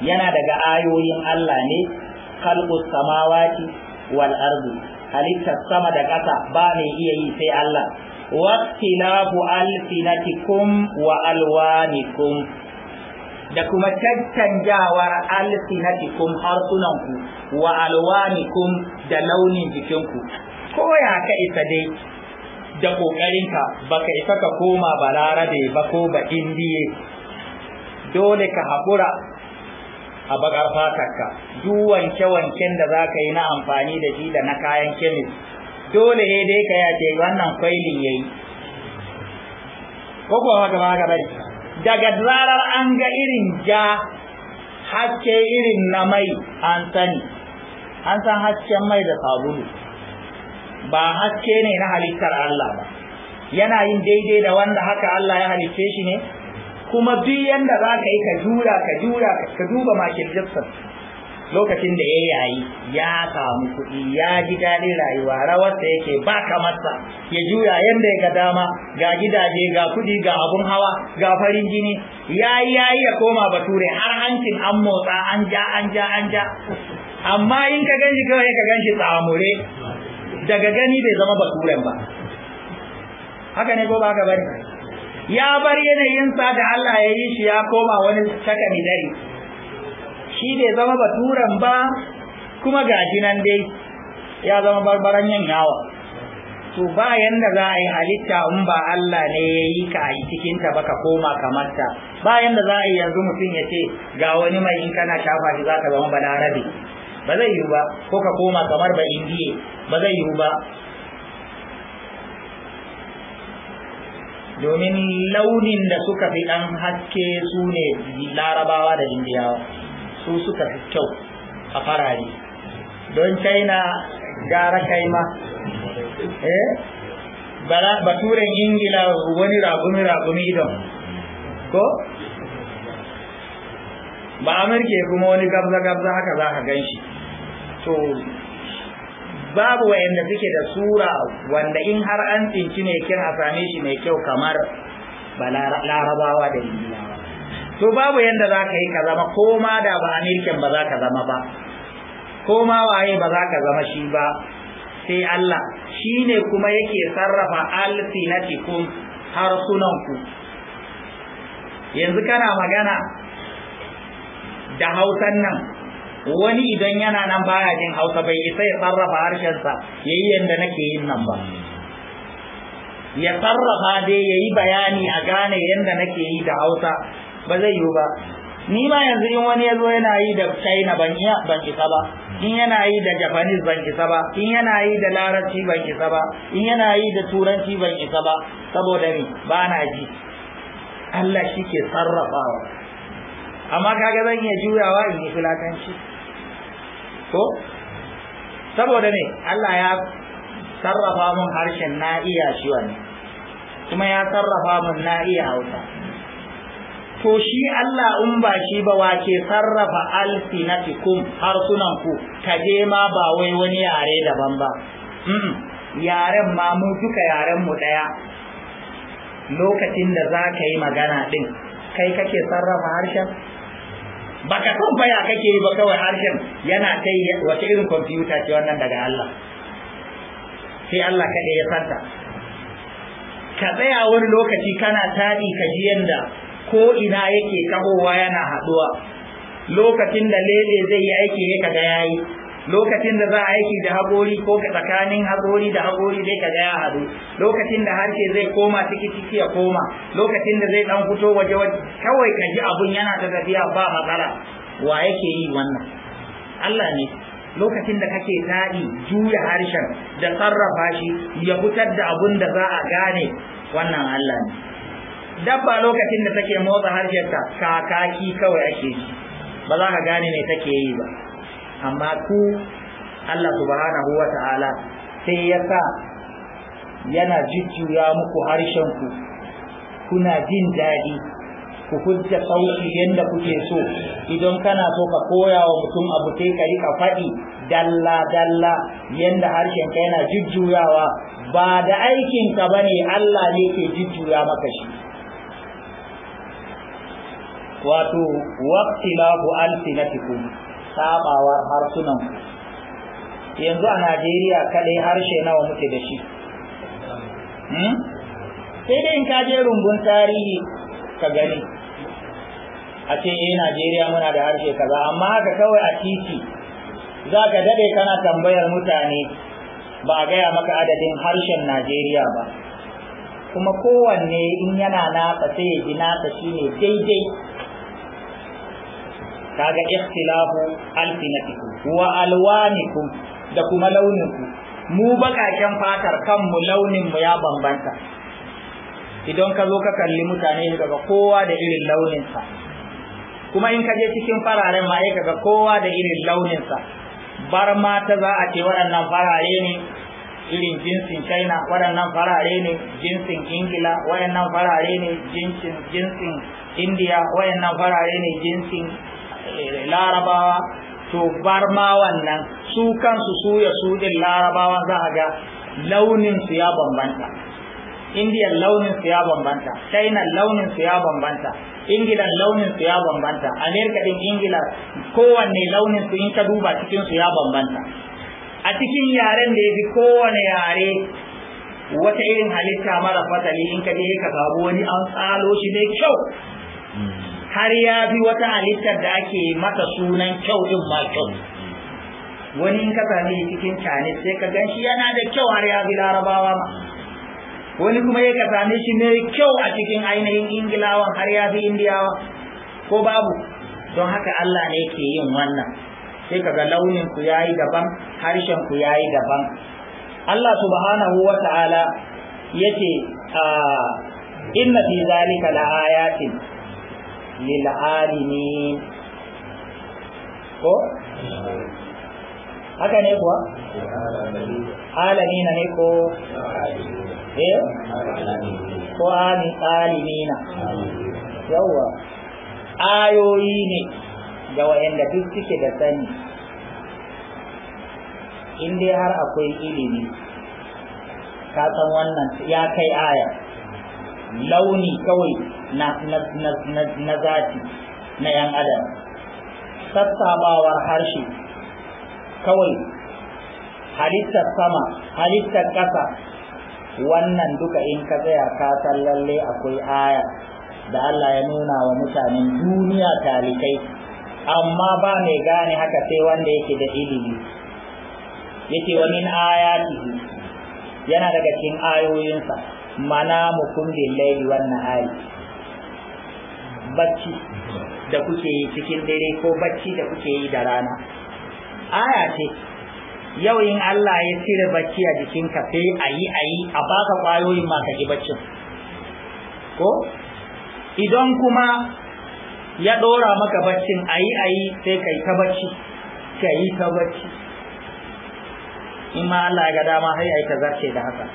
yana daga ayoyin Allah ne khalqu samawati wal ardi halittar sama da ƙasa ba mai iya yi sai Allah waqtilafu alsinatikum wa alwanikum da kuma caccanjawar alsinatikum harsunanku wa alwanikum da launin jikinku ko ya ka isa dai da ƙoƙarinka baka isa ka koma balarabe ba ko ba indiye dole ka haƙura a bakar fatarka duk wanke-wanken da za ka yi na amfani da shi da na kayan kemis dole ne dai ka yace wannan failin ya yi ko haka ba haka bari daga zarar an ga irin ja haske irin na mai an sani an san hasken mai da sabulu ba haske ne na halittar Allah ba yana yin daidai da wanda haka Allah ya halicce shi ne kuma duk yanda za ka yi ka jura ka jura ka duba Michael Jackson lokacin da ya yayi ya samu kuɗi ya ji daɗin rayuwa rawarsa yake ba kamarsa ya jura, yadda ya ga dama ga gidaje ga kuɗi ga abun hawa ga farin jini ya yi ya yi ya koma bature har hancin an motsa an ja an ja an ja amma in ka ganshi kawai ka ganshi tsamure daga gani bai zama baturen ba haka ne ko ba ka bari? ya bar yanayinsa da Allah ya yi shi ya koma wani dare. shi bai zama baturen ba kuma gashi nan dai ya zama barbaran yin yawa to ba yanda za a yi halitta in ba Allah ne ya yi ka a'yi yi cikin ta baka koma kamar ba yanda za a yi yanzu mutum ya ce ga wani mai in kana shafa shi za ka zama balarabe ba zai yiwu ba ko ka koma kamar ba indiye ba zai yiwu ba domin launin da suka fi ɗan haske su ne larabawa da indiyawa su suka fi kyau a farari don china gara kai ma eh baturen ingila wani ragumi ragumi idon ko ba amurke kuma wani gabza gabza haka za ka gan shi babu wayanda suke da sura wanda in har an tsinci ne kin a same shi mai kyau kamar larabawa da indiyawa to babu yanda za ka yi ka zama ko ma da ba amerikan ba za ka zama ba ko ma waye ba za ka zama shi ba sai Allah shi ne kuma yake sarrafa alfinatikum harsunanku yanzu kana magana da hausan nan wani idan yana nan baya jin hausa bai isa ya sarrafa harshensa ya yi yadda nake yin nan ba ya sarrafa dai ya yi bayani a gane yadda nake yi da hausa ba zai yiwu ba ni ma yanzu in wani ya zo yana yi da china ban ban isa ba in yana yi da japanese ban isa ba in yana yi da larabci ban isa ba in yana yi da turanci ban isa ba saboda ni ba na ji Allah shi ke sarrafawa amma kaga zan iya juyawa in yi filatanci ko saboda ne Allah ya sarrafa mun harshen na shi wani kuma ya sarrafa mun na hausa to shi Allah in ba shi ba wace sarrafa harsunan ku? Ka je ma ba wai wani yare daban ba mm. yaren ma mu duka yaren mu daya lokacin da za ka yi magana din kai kake sarrafa harshen baka san fa ya kake yi ba kawai harshen yana kai wata irin kwamfuta ce wannan daga Allah sai Allah kaɗe ya santa ka tsaya wani lokaci kana taɗi ka ji yanda ko ina yake kahowa yana haɗuwa lokacin da lele zai yi aiki ne kaga yayi lokacin da za a aiki da hakori ko tsakanin hakori da haƙori zai ka ya haɗu lokacin da harshe zai koma ciki ciki ya koma lokacin da zai ɗan fito waje waje kawai ka ji abun yana ta tafiya ba matsala wa yake yi wannan Allah ne lokacin da kake taɗi juya harshen da sarrafa shi ya fitar da abun da za a gane wannan Allah ne dabba lokacin da take motsa harshenta kakaki kawai ake yi. ba za ka gane me take yi ba amma ku Allah subhanahu wa ta'ala sai ya sa yana jujjuya muku harshen ku kuna jin daɗi ku hujja sauki yadda kuke so idan kana so ka koya wa mutum abu sai ka rika faɗi dalla dalla yadda harshen ka yana jujjuyawa ba da aikin ka bane Allah ne ke jujjuya maka shi wato waqtilahu alfinatikum sabawar harsunan yanzu a najeriya kadai harshe nawa muke da shi hmm? sai dai in ka je rumbun tarihi ka gani a ce eh najeriya muna da harshe kaza amma haka kawai a titi za ka daɗe kana tambayar mutane ba a gaya maka adadin harshen najeriya ba kuma kowanne in yana nasa sai ya ji nasa shine daidai kaga ikhtilafu alfinatikum wa alwanikum da kuma launinku mu bakaken fatar kanmu launin mu ya bambanta idan ka zo ka kalli mutane kaga kowa da irin launinsa kuma in ka je cikin fararen ma ga kowa da irin launinsa bar mata za a ce waɗannan farare ne irin jinsin china waɗannan farare ne jinsin ingila waɗannan farare ne jinsin jinsin india waɗannan farare ne jinsin Eh, larabawa to bar ma wannan su kansu su ya su din larabawa za a ga launin su ya bambanta indiyan launin su ya bambanta china launin su ya bambanta ingilan launin su ya bambanta amerika din ingila kowanne launin su in ka duba cikin su ya bambanta a cikin yaren da ya fi kowane yare wata irin halitta mara fatali in ka je ka samu wani an tsalo shi mai kyau hmm. har ya bi wata halittar da ake mata sunan kyau din ba kyau wani in ka sami cikin cane sai ka gan shi yana da kyau har ya bi larabawa ma wani kuma ya ka sami shi mai kyau a cikin ainihin ingilawan har ya bi indiyawa ko babu don haka Allah ne ke yin wannan sai ka ga launin ku yayi daban harshen ku yayi daban Allah subhanahu wa ta'ala a ah, inna fi zalika la ayatin lil'alimi ko haka ne kuwa alamina ne ko eh ko alimina yawwa ayoyi ne ga wa'anda duk suke da sani inda har akwai ilimi ka san wannan ya kai aya launi kawai na na na na, na zati na yan adam sassabawar harshe kawai halittar sama halittar ƙasa wannan duka in ka tsaya ka san lalle akwai aya da Allah ya nuna wa mutanen duniya talikai amma ba mai gane haka sai wanda yake da ilimi yake wa min ayatihi yana daga cikin ayoyinsa manamukum billahi wa nahari bacci da kuke yi cikin dare ko bacci da kuke yi da rana aya ce yau in Allah ya cire bacci a jikinka sai ayi ayi a baka kwayoyin ma ka baccin ko idan kuma ya dora maka baccin ayi ayi sai kai ta bacci kai ta bacci in ma Allah ya ga dama har ai ta zarce da haka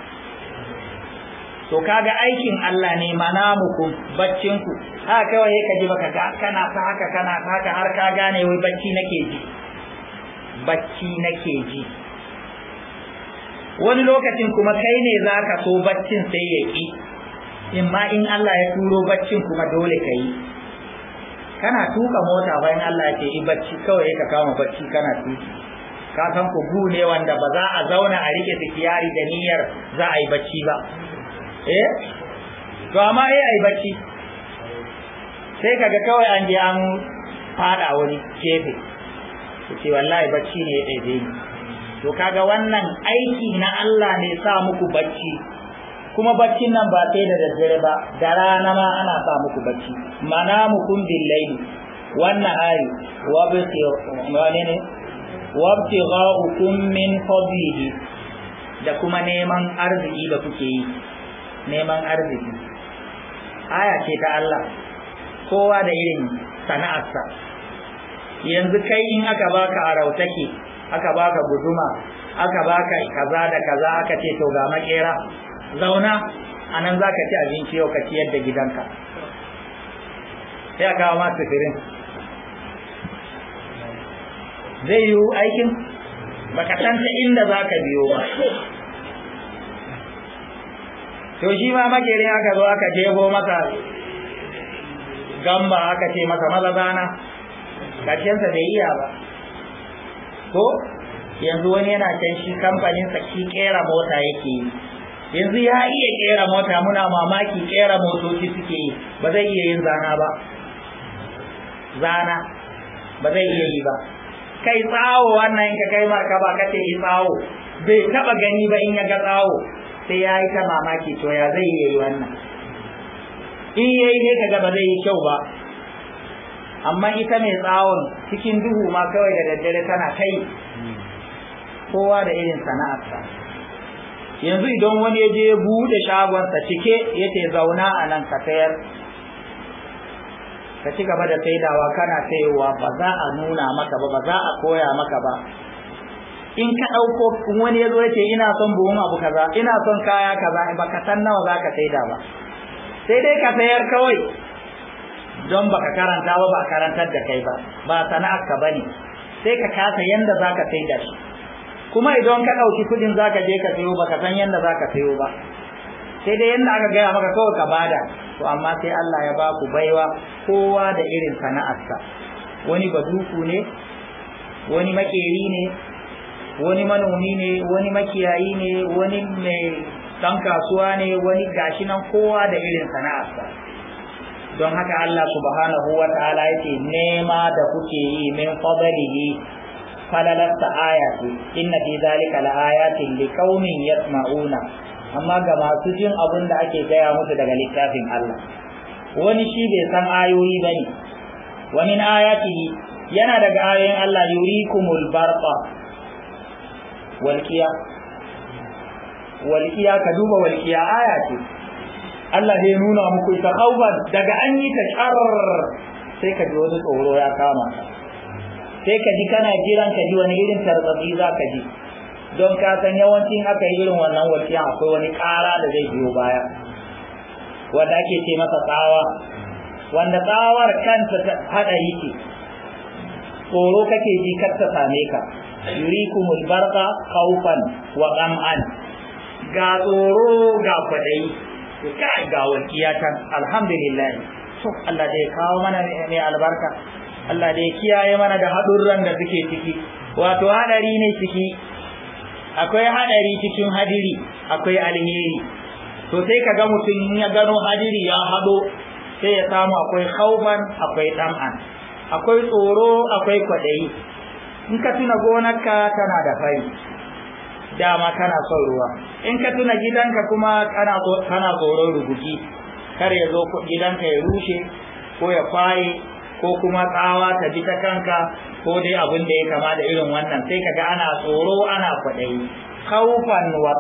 to kaga aikin Allah ne manamukum baccinku ha kawai ka ji baka ga kana ta haka kana ta haka har ka gane wai bacci nake ji bacci nake ji wani lokacin kuma kai ne zaka so baccin sai ya ki in ma in Allah ya turo baccin kuma dole ka yi kana tuka mota bayan Allah ya ce yi bacci kawai ka kama bacci kana tuki ka san ku ne wanda ba za a zauna a rike sikiyari da niyyar za a yi bacci ba eh to amma eh ai bacci sai kaga kawai an je an fada wani gefe to ce wallahi bacci ne ya dai to kaga wannan aiki na Allah ne sa muku bacci kuma baccin nan ba sai da daddare ba da rana ma ana sa muku bacci kun billahi wannan hari wa bi ne wabtigha'ukum min fadlihi da kuma neman arziki da kuke yi neman arziki aya ce ta Allah kowa da irin sana'arsa yanzu kai in aka baka arautake aka baka guduma aka baka kaza da kaza aka ce to ga makera zauna anan zaka ci abinci yau ka ciyar da gidanka sai a kawo masu firin zai yiwu aikin baka san inda zaka biyo ba to shi ma makerin aka zo aka jebo masa gamba aka ce masa malazana ƙarshensa bai iya ba ko yanzu wani yana can shi kamfaninsa shi kera mota yake yi yanzu ya iya kera mota muna mamaki kera motoci suke yi ba zai iya yin zana ba zana ba zai iya yi ba kai tsawo wannan ka kai markaba kace yi tsawo bai taba gani ba in ya ga tsawo sai ya yi ta mamaki to ya zai yi wannan in yayi ne ka ba zai yi kyau ba amma ita mai tsawon cikin duhu ma kawai da daddare tana kai kowa da irin sana'arsa yanzu idan wani ya je ya buɗe shagonsa cike yake zauna a nan ka sayar ka ci gaba da saidawa kana sayowa ba za a nuna maka ba ba za a koya maka ba in ka ɗauko wani ya zo ya ce ina son buhun abu kaza ina son kaya kaza ba ka san nawa za ka saida ba sai dai ka sayar kawai don ba ka karanta ba ba karantar da kai ba ba sana'ar ka bane sai ka kasa yanda za ka saida shi kuma idan ka ɗauki kuɗin za ka je ka sayo ba ka san yanda za ka sayo ba sai dai yanda aka gaya maka kawai ka bada to amma sai Allah ya ba ku baiwa kowa da irin sana'arsa wani baduku ne wani makeri ne wani manomi ne wani makiyayi ne wani mai dan kasuwa ne wani gashi nan kowa da irin sana'arsa don haka Allah subhanahu wa ta'ala yake nema da kuke yi min fadlihi falalasta ayati inna fi zalika laayatin liqaumin yasma'una amma ga masu jin abin da ake gaya musu daga littafin Allah wani shi bai san ayoyi bane wani min ayatihi yana daga ayoyin Allah yurikumul barqa walƙiya walƙiya ka duba walƙiya aya ce Allah ne nuna muku ita kauban daga an yi ta sharar sai ka ji wani tsoro ya kama sai ka ji kana jiran ka ji wani irin tarzabi za ka ji don ka san yawancin aka irin wannan walƙiya akwai wani ƙara da zai biyo baya wanda ake ce masa tsawa wanda tsawar kanta haɗari ce tsoro kake ji kar ta same ka yurikumul barqa khawfan wa qam'an ga tsoro ga kwadai ga ga walkiya kan alhamdulillah so Allah dai kawo mana ne albarka Allah dai kiyaye mana da hadurran da suke ciki wato hadari ne ciki akwai hadari cikin hadiri akwai alheri to sai kaga mutum ya gano hadiri ya hado sai ya samu akwai khawfan akwai dam'an akwai tsoro akwai kwadai in ka tuna gonarka tana da fari dama kana son ruwa in ka tuna gidanka kuma kana tsoron rubuki kar ya zo gidanka ya rushe ko ya kwaye ko kuma tsawa ta ji ta kanka ko dai abin da ya kama da irin wannan sai kaga ana tsoro ana kwaɗayi kaufan wa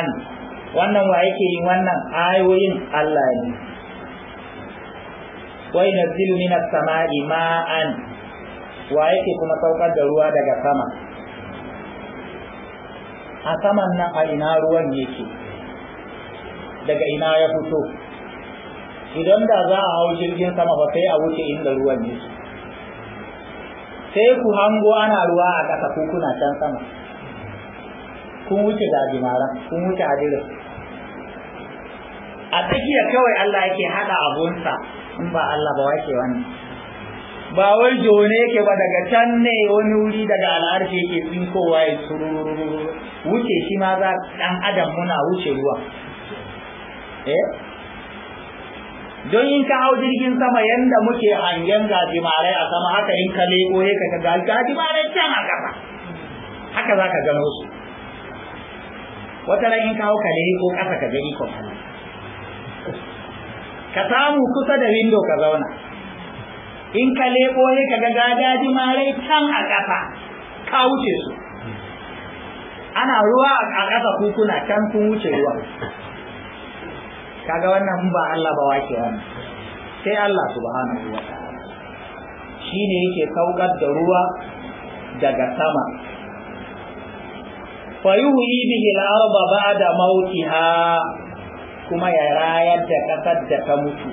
an wannan wa yake yin wannan ayoyin Allah ne wa yunzilu minas sama'i ma'an wa yake kuma saukar da ruwa daga sama a saman nan a ina ruwan yake daga ina ya fito idan da za a hau jirgin sama ba sai a wuce inda ruwan yake sai ku hango ana ruwa a ƙasa ko kuna can sama kun wuce gajimara kun wuce hadirin a tsakiya kawai Allah yake haɗa abunsa in ba Allah ba wake wannan ba wai jone yake ba daga can ne wani wuri daga al'arfi yake tsinkowa ya sururu wuce shi ma za ɗan adam muna wuce ruwa eh don in ka hau jirgin sama yadda muke hangen gajimarai a sama haka in ka leko ya ka ga gajimarai can a kasa haka za ka gano su wata ran in ka hau ka leko kasa ka ga ikon ka samu kusa da window ka zauna in ka lebo ne ka ga gadaji marai can a ƙasa ka wuce su ana ruwa a ƙasa kukuna can kun wuce ruwa kaga wannan ba Allah ba wake wannan sai Allah subhanahu wa ta'ala shine yake saukar da ruwa daga sama Fa fayuhi bihi al-arda ba'da mautiha kuma ya rayar da kasar da ta mutu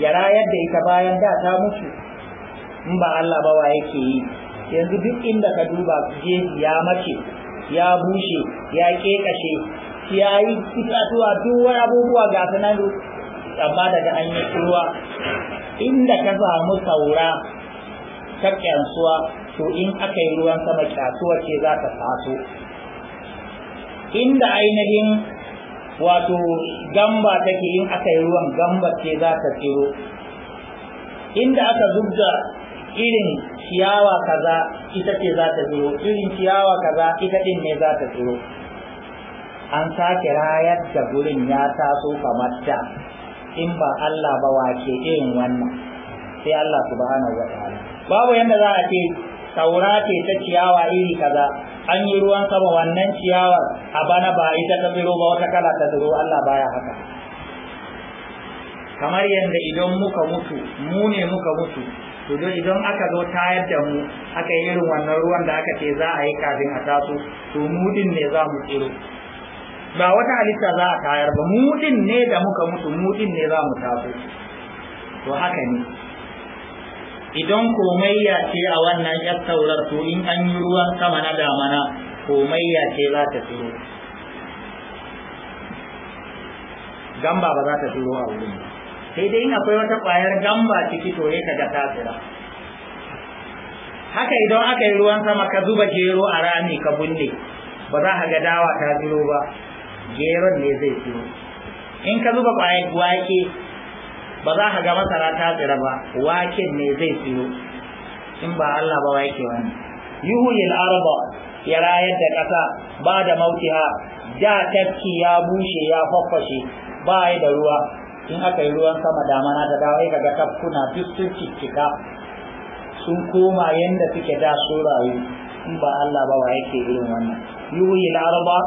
ya rayar da ita bayan da ta mutu in ba Allah ba wa yake yi yanzu duk inda ka duba jeji ya mace ya bushe ya kekashe ya yi itatuwa duk abubuwa ga sanar nan amma daga an yi ruwa inda ka samu saura ta kyansuwa to in aka yi ruwan sama kyasuwa ce za ta faso inda ainihin wato gamba take in aka yi ruwan gamba ce za ta tsiro inda aka zubda irin ciyawa kaza ita ce za ta tsiro irin ciyawa kaza ita din ne za ta tsiro an sake rayar da gurin ya taso kamar da in ba Allah ba wace irin wannan sai Allah subhanahu wa ta'ala babu yanda za a ce saura ce ta ciyawa iri kaza an yi ruwan sama wannan ciyawar a bana ba ita ta tsiro ba wata kala ta tsiro Allah baya haka kamar yadda idan muka mutu mu ne muka mutu to don idan aka zo tayar da mu aka yi irin wannan ruwan da aka ce za a yi kafin a taso to mu ne za mu tsiro ba wata halitta za a tayar ba mu ne da muka mutu mu ne za mu taso to haka ne idan komayya ce a wannan yar taurar to in an yi ruwan sama na damana komayya ce za ta tsiro gamba ba za ta tsiro a wurin sai dai in akwai wata ƙwayar gamba ciki to ne ka ga tasira tsira haka idan aka yi ruwan sama ka zuba gero a rami ka bunne ba za ka ga dawa ta tsiro ba geron ne zai tsiro in ka zuba ƙwayar wake ba za ka ga masara ta tsira ba waken ne zai tsiro in ba Allah ba wake wani yuhuyil arba ya rayar da ƙasa ba da mautiha da tafki ya bushe ya fafashe ba da ruwa in aka yi ruwan sama damana da dawai kaga tafkuna duk sun sun koma yadda suke da su rayu in ba Allah ba wa yake irin wannan yuhuyil arba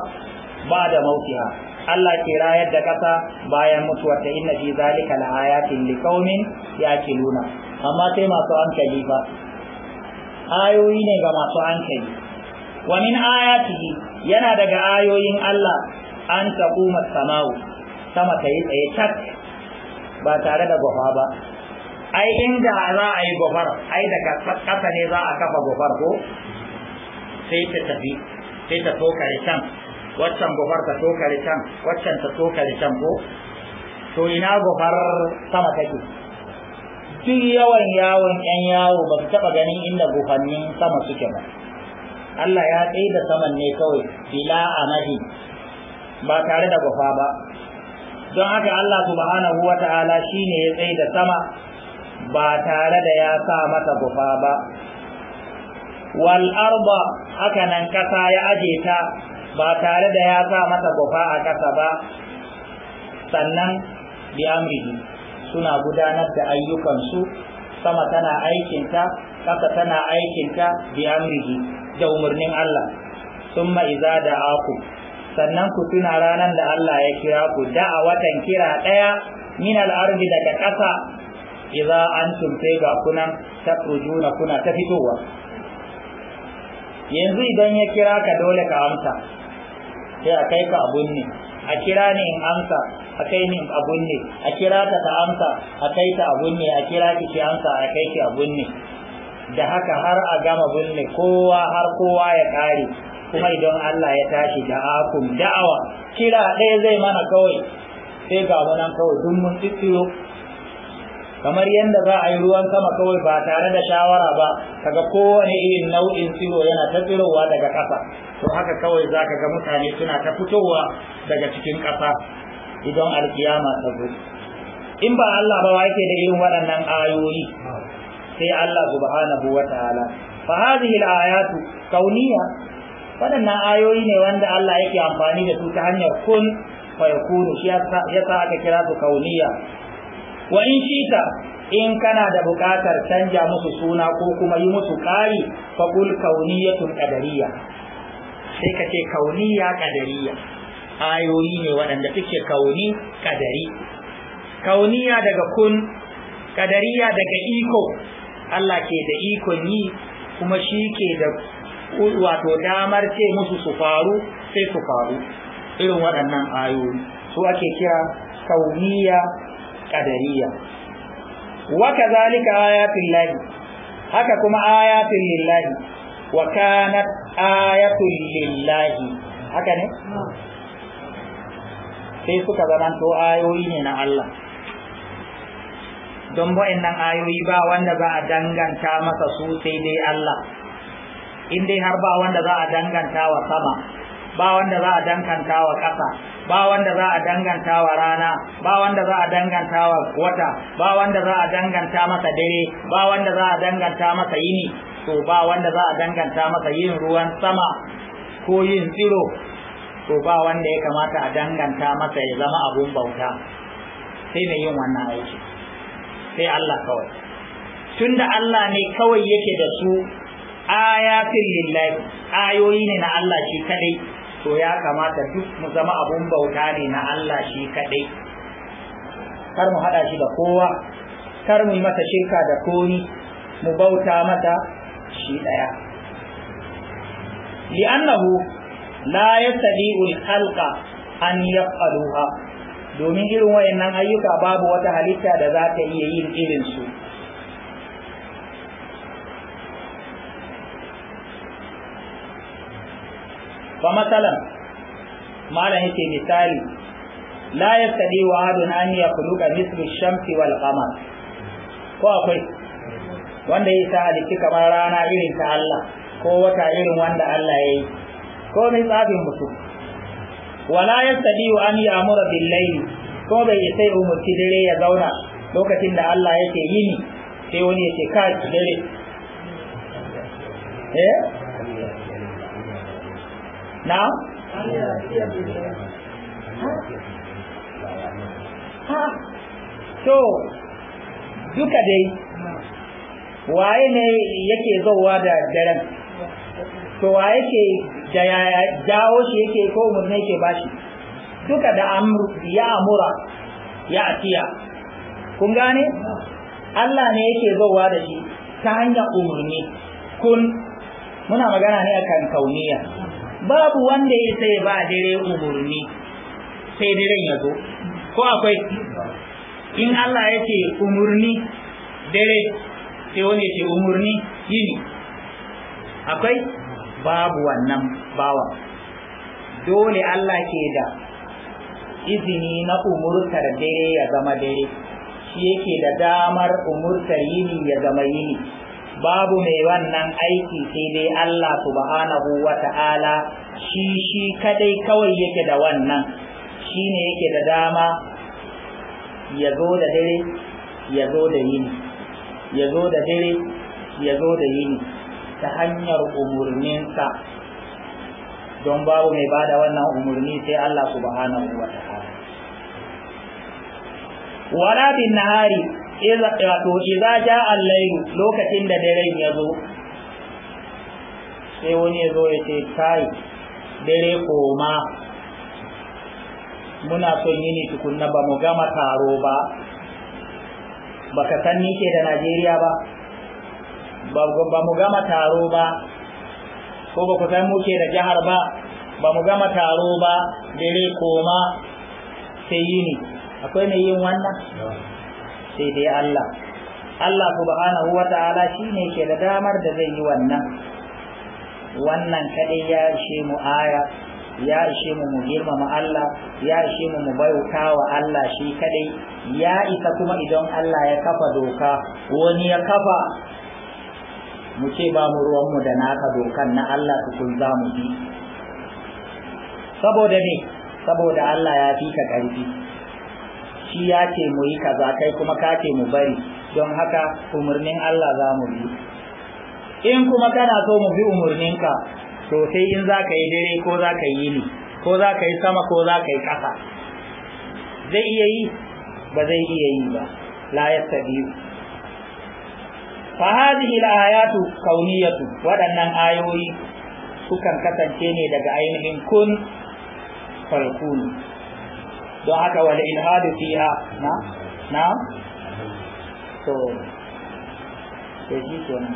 ba da mautiha Allah ke rayar da ƙasa bayan mutuwar ta inna fi zalika laayatin qaumin yaqiluna amma sai masu hankali fa ayoyi ne ga masu hankali wa min ayatihi yana daga ayoyin Allah an taquma samau sama ta yi tsaye tak ba tare da gwafa ba ai inda za a yi gwafar ai daga ƙasa ne za a kafa gwafar ko sai ta tafi sai ta can waccan gofar ta tokare can waccan ta tokare can ko to ina gofar sama take duk yawan yawon yan yawo ba su taba ganin inda gofannin sama suke ba Allah ya tsaye da saman ne kawai bila amahi ba tare da gofa ba don haka Allah subhanahu wa ta'ala shine ya tsaye da sama ba tare da ya sa mata gofa ba wal arba haka nan kasa ya aje ta ba tare da ya sa masa kofa a ƙasa ba sannan bi suna gudanar da ayyukansu sama tana aikinta ƙasa tana aikinta bi da umarnin Allah summa iza da aku sannan ku tuna ranar da Allah ya kira ku da a watan kira ɗaya min al'arbi daga ƙasa idza antum sai ga kunan kuna ta fitowa yanzu idan ya kira ka dole ka amsa sai a kai ka abun ne a kira ni in amsa a kai ni abun ne a kira ta ta amsa a kai ta abun ne a kira ki ki amsa a kai ki abun ne da haka har a gama binne kowa har kowa ya kare kuma idan Allah ya tashi da akum da'awa kira ɗaya zai mana kawai sai ga nan kawai dun mun tsitsiyo kamar yadda za a yi ruwan sama kawai ba tare da shawara ba kaga kowane irin nau'in tsiro yana ta tsirowa daga ƙasa to haka kawai za ka ga mutane suna ta fitowa daga cikin ƙasa idan alkiyama ta zo in ba Allah ba yake da irin waɗannan ayoyi sai Allah subhanahu wa ta'ala fa hadhihi al-ayatu kauniyya waɗannan ayoyi ne wanda Allah yake amfani da su ta hanyar kun fa yakunu shi yasa aka kira su kauniyya wa in shita in kana da buƙatar canja musu suna ko kuma yi musu ƙari kul kauniyatun ƙadariya sai ka ce kauniya ƙadariya ayoyi ne waɗanda suke kauni ƙadari kauniya daga kun ƙadariya daga iko Allah ke da ikon yi kuma shi ke da wato damar ce musu su faru sai su faru irin waɗannan ayoyi su ake kira kauniya qadariyya wa kadhalika ayatul lahi haka kuma ayatul lillahi wa kanat ayatul lillahi haka ne sai suka to ayoyi ne na Allah don nan ayoyi ba wanda za a danganta masa su sai dai Allah in dai har ba wanda za a danganta wa sama ba wanda za a danganta wa ƙasa ba wanda za a danganta wa rana ba wanda za a danganta wa wata ba wanda za a danganta masa dare ba wanda za a danganta masa yini to ba wanda za a danganta masa yin ruwan sama ko yin tsiro to ba wanda ya kamata a danganta masa ya zama abun bauta sai mai yin wannan aiki sai Allah kawai tunda Allah ne kawai yake da su ayatin lillahi ayoyi ne na Allah shi kadai to ya kamata duk mu zama abun bauta ne na Allah shi kaɗai kar mu haɗa shi da kowa kar mu yi masa shirka da koni mu bauta mata shi ɗaya li'annahu la yastadi'u al-khalqa an yaf'aluha domin irin wayannan ayyuka babu wata halitta da za ta iya yin irin su fa masalan malam yake misali la yastadi wa adun an yakhluqa mithlu shamsi wal kamar, ko akwai wanda ya sa halitti kamar rana irin ta Allah ko wata irin wanda Allah ya yi ko mai tsafin mutum wala sadi wa an yi amura layli ko bai isa sai umarci dare ya zauna lokacin da Allah yake yini sai wani ya ce ka dare eh now ha to duka dai waye ne yake zowa da daren to wa yake jawo shi yake ko murna ke bashi duka da ya amura ya atiya kun gane Allah ne yake zowa da shi ta hanyar umarni kun muna magana ne akan kauniya babu wanda ya sai ba dare umurni sai daren ya zo ko akwai in Allah ya ce umurni dare sai wani ya ce umurni yini akwai babu wannan bawan dole Allah ke da izini na umurtar dare ya zama dare shi yake da damar umurtar yini ya zama yini babu mai wannan aiki sai dai Allah subhanahu wa ta'ala shi shi kadai kawai yake da wannan shi ne yake da dama ya zo da dare ya zo da yini ya zo da dare ya zo da yini ta hanyar umurninsa don babu mai ba da wannan umurni sai Allah subhanahu wa ta'ala wala bin nahari iza wato iza ja al-layl lokacin da dare ya zo sai wani ya zo ya ce kai dare koma muna son yini tukunna ba mu gama taro ba baka san ni ke da Najeriya ba ba mu gama taro ba ko ba ku san mu ke da jihar ba ba mu gama taro ba dare koma sai yini akwai mai yin wannan sai dai Allah Allah subhanahu wa ta'ala shine ke da damar da zai yi wannan wannan kadai ya ishe mu aya ya ishe mu mu girmama Allah ya ishe mu mu bauta wa Allah shi kadai ya isa kuma idan Allah ya kafa doka wani ya kafa mu ce ba mu ruwan mu da naka dokan na Allah su kun za mu bi saboda ne saboda Allah ya fi ka ƙarfi shi ya ce mu yi kaza kai kuma ka ce mu bari don haka umarnin Allah za mu bi in kuma kana so mu bi umarninka to sai in za ka yi dare ko za ka yi ni ko za ka yi sama ko za ka yi ƙasa zai iya yi ba zai iya yi ba la sabi fa hadhihi ayatu kauniyatu waɗannan ayoyi sukan kasance ne daga ainihin kun falkuni don haka wani ilhadu fiha na na to sai shi kenan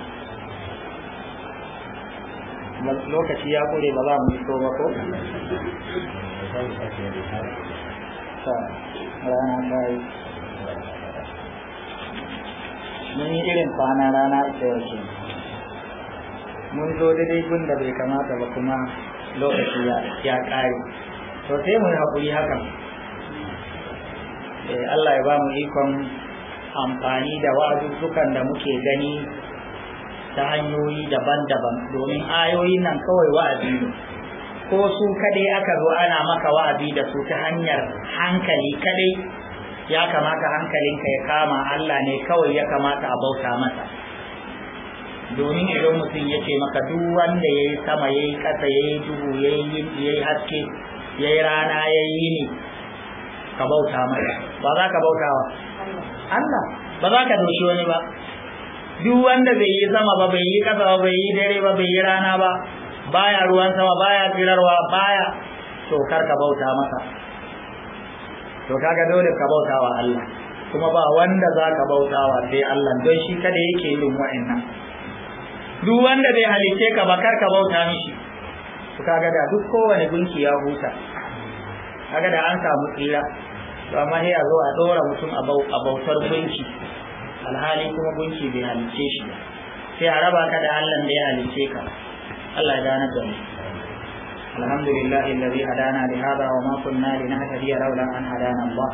lokaci ya kure ba za mu so ba ko rana ta yi mun yi irin kwana rana ita yau mun zo daidai gun da bai kamata ba kuma lokaci ya ƙare to sai mu haƙuri hakan Eh, Allah ya ba mu ikon amfani da wa'azuzzukan da muke gani ta hanyoyi daban-daban domin ayoyin nan kawai wa'azi ne ko su kadai aka zo ana maka wa'azi da su ta hanyar hankali kadai ya kamata hankalinka ya kama Allah ne kawai ya kamata a bauta masa domin idan mutum ya ce maka duk wanda ya yi sama ya yi ƙasa ya yi duhu ya yi haske ya yi rana ya yi yini ka bauta mai ba za ka bautawa Allah ba za ka doshi wani ba duk wanda bai yi sama ba bai yi kasa ba bai yi dare ba bai yi rana ba baya ruwan sama baya tsirarwa baya to kar ka bauta masa to kaga dole ka bautawa Allah kuma ba wanda za ka bautawa sai Allah don shi kada yake yin wa'annan duk wanda bai halice ka ba kar ka bauta mishi to kaga da duk kowane gunki ya huta kaga da an samu tsira to amma sai a zo a dora mutum a bautar gunki alhali kuma gunki bai halice shi ba sai a raba ka da Allah da ya halice ka Allah ya gane da mu الحمد لله الذي هدانا لهذا وما كنا لنهتدي lawla an hadana Allah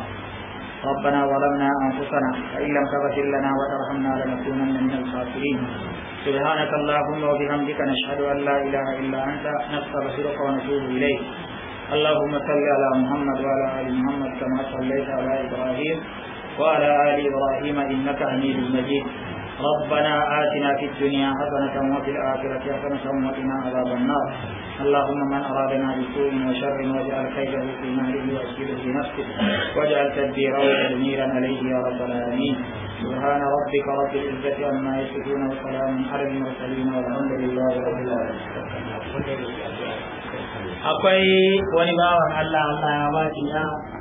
ربنا ظلمنا أنفسنا فإن لم تغفر لنا وترحمنا لنكونن من الخاسرين سبحانك اللهم وبحمدك نشهد أن لا إله إلا أنت نستغفرك ونتوب إليك اللهم صل على محمد وعلى آل محمد كما صليت على إبراهيم وعلى آل إبراهيم إنك حميد مجيد ربنا آتنا في الدنيا حسنة وفي الآخرة حسنة وقنا عذاب النار اللهم من أرادنا بسوء وشر واجعل خيره في مهله واجعله في نفسه واجعل تدبيره تدميرا عليه يا رب العالمين سبحان ربك رب العزة عما يصفون وسلام على المرسلين والحمد لله رب العالمين akwai wani bawan Allah Allah ya ba ya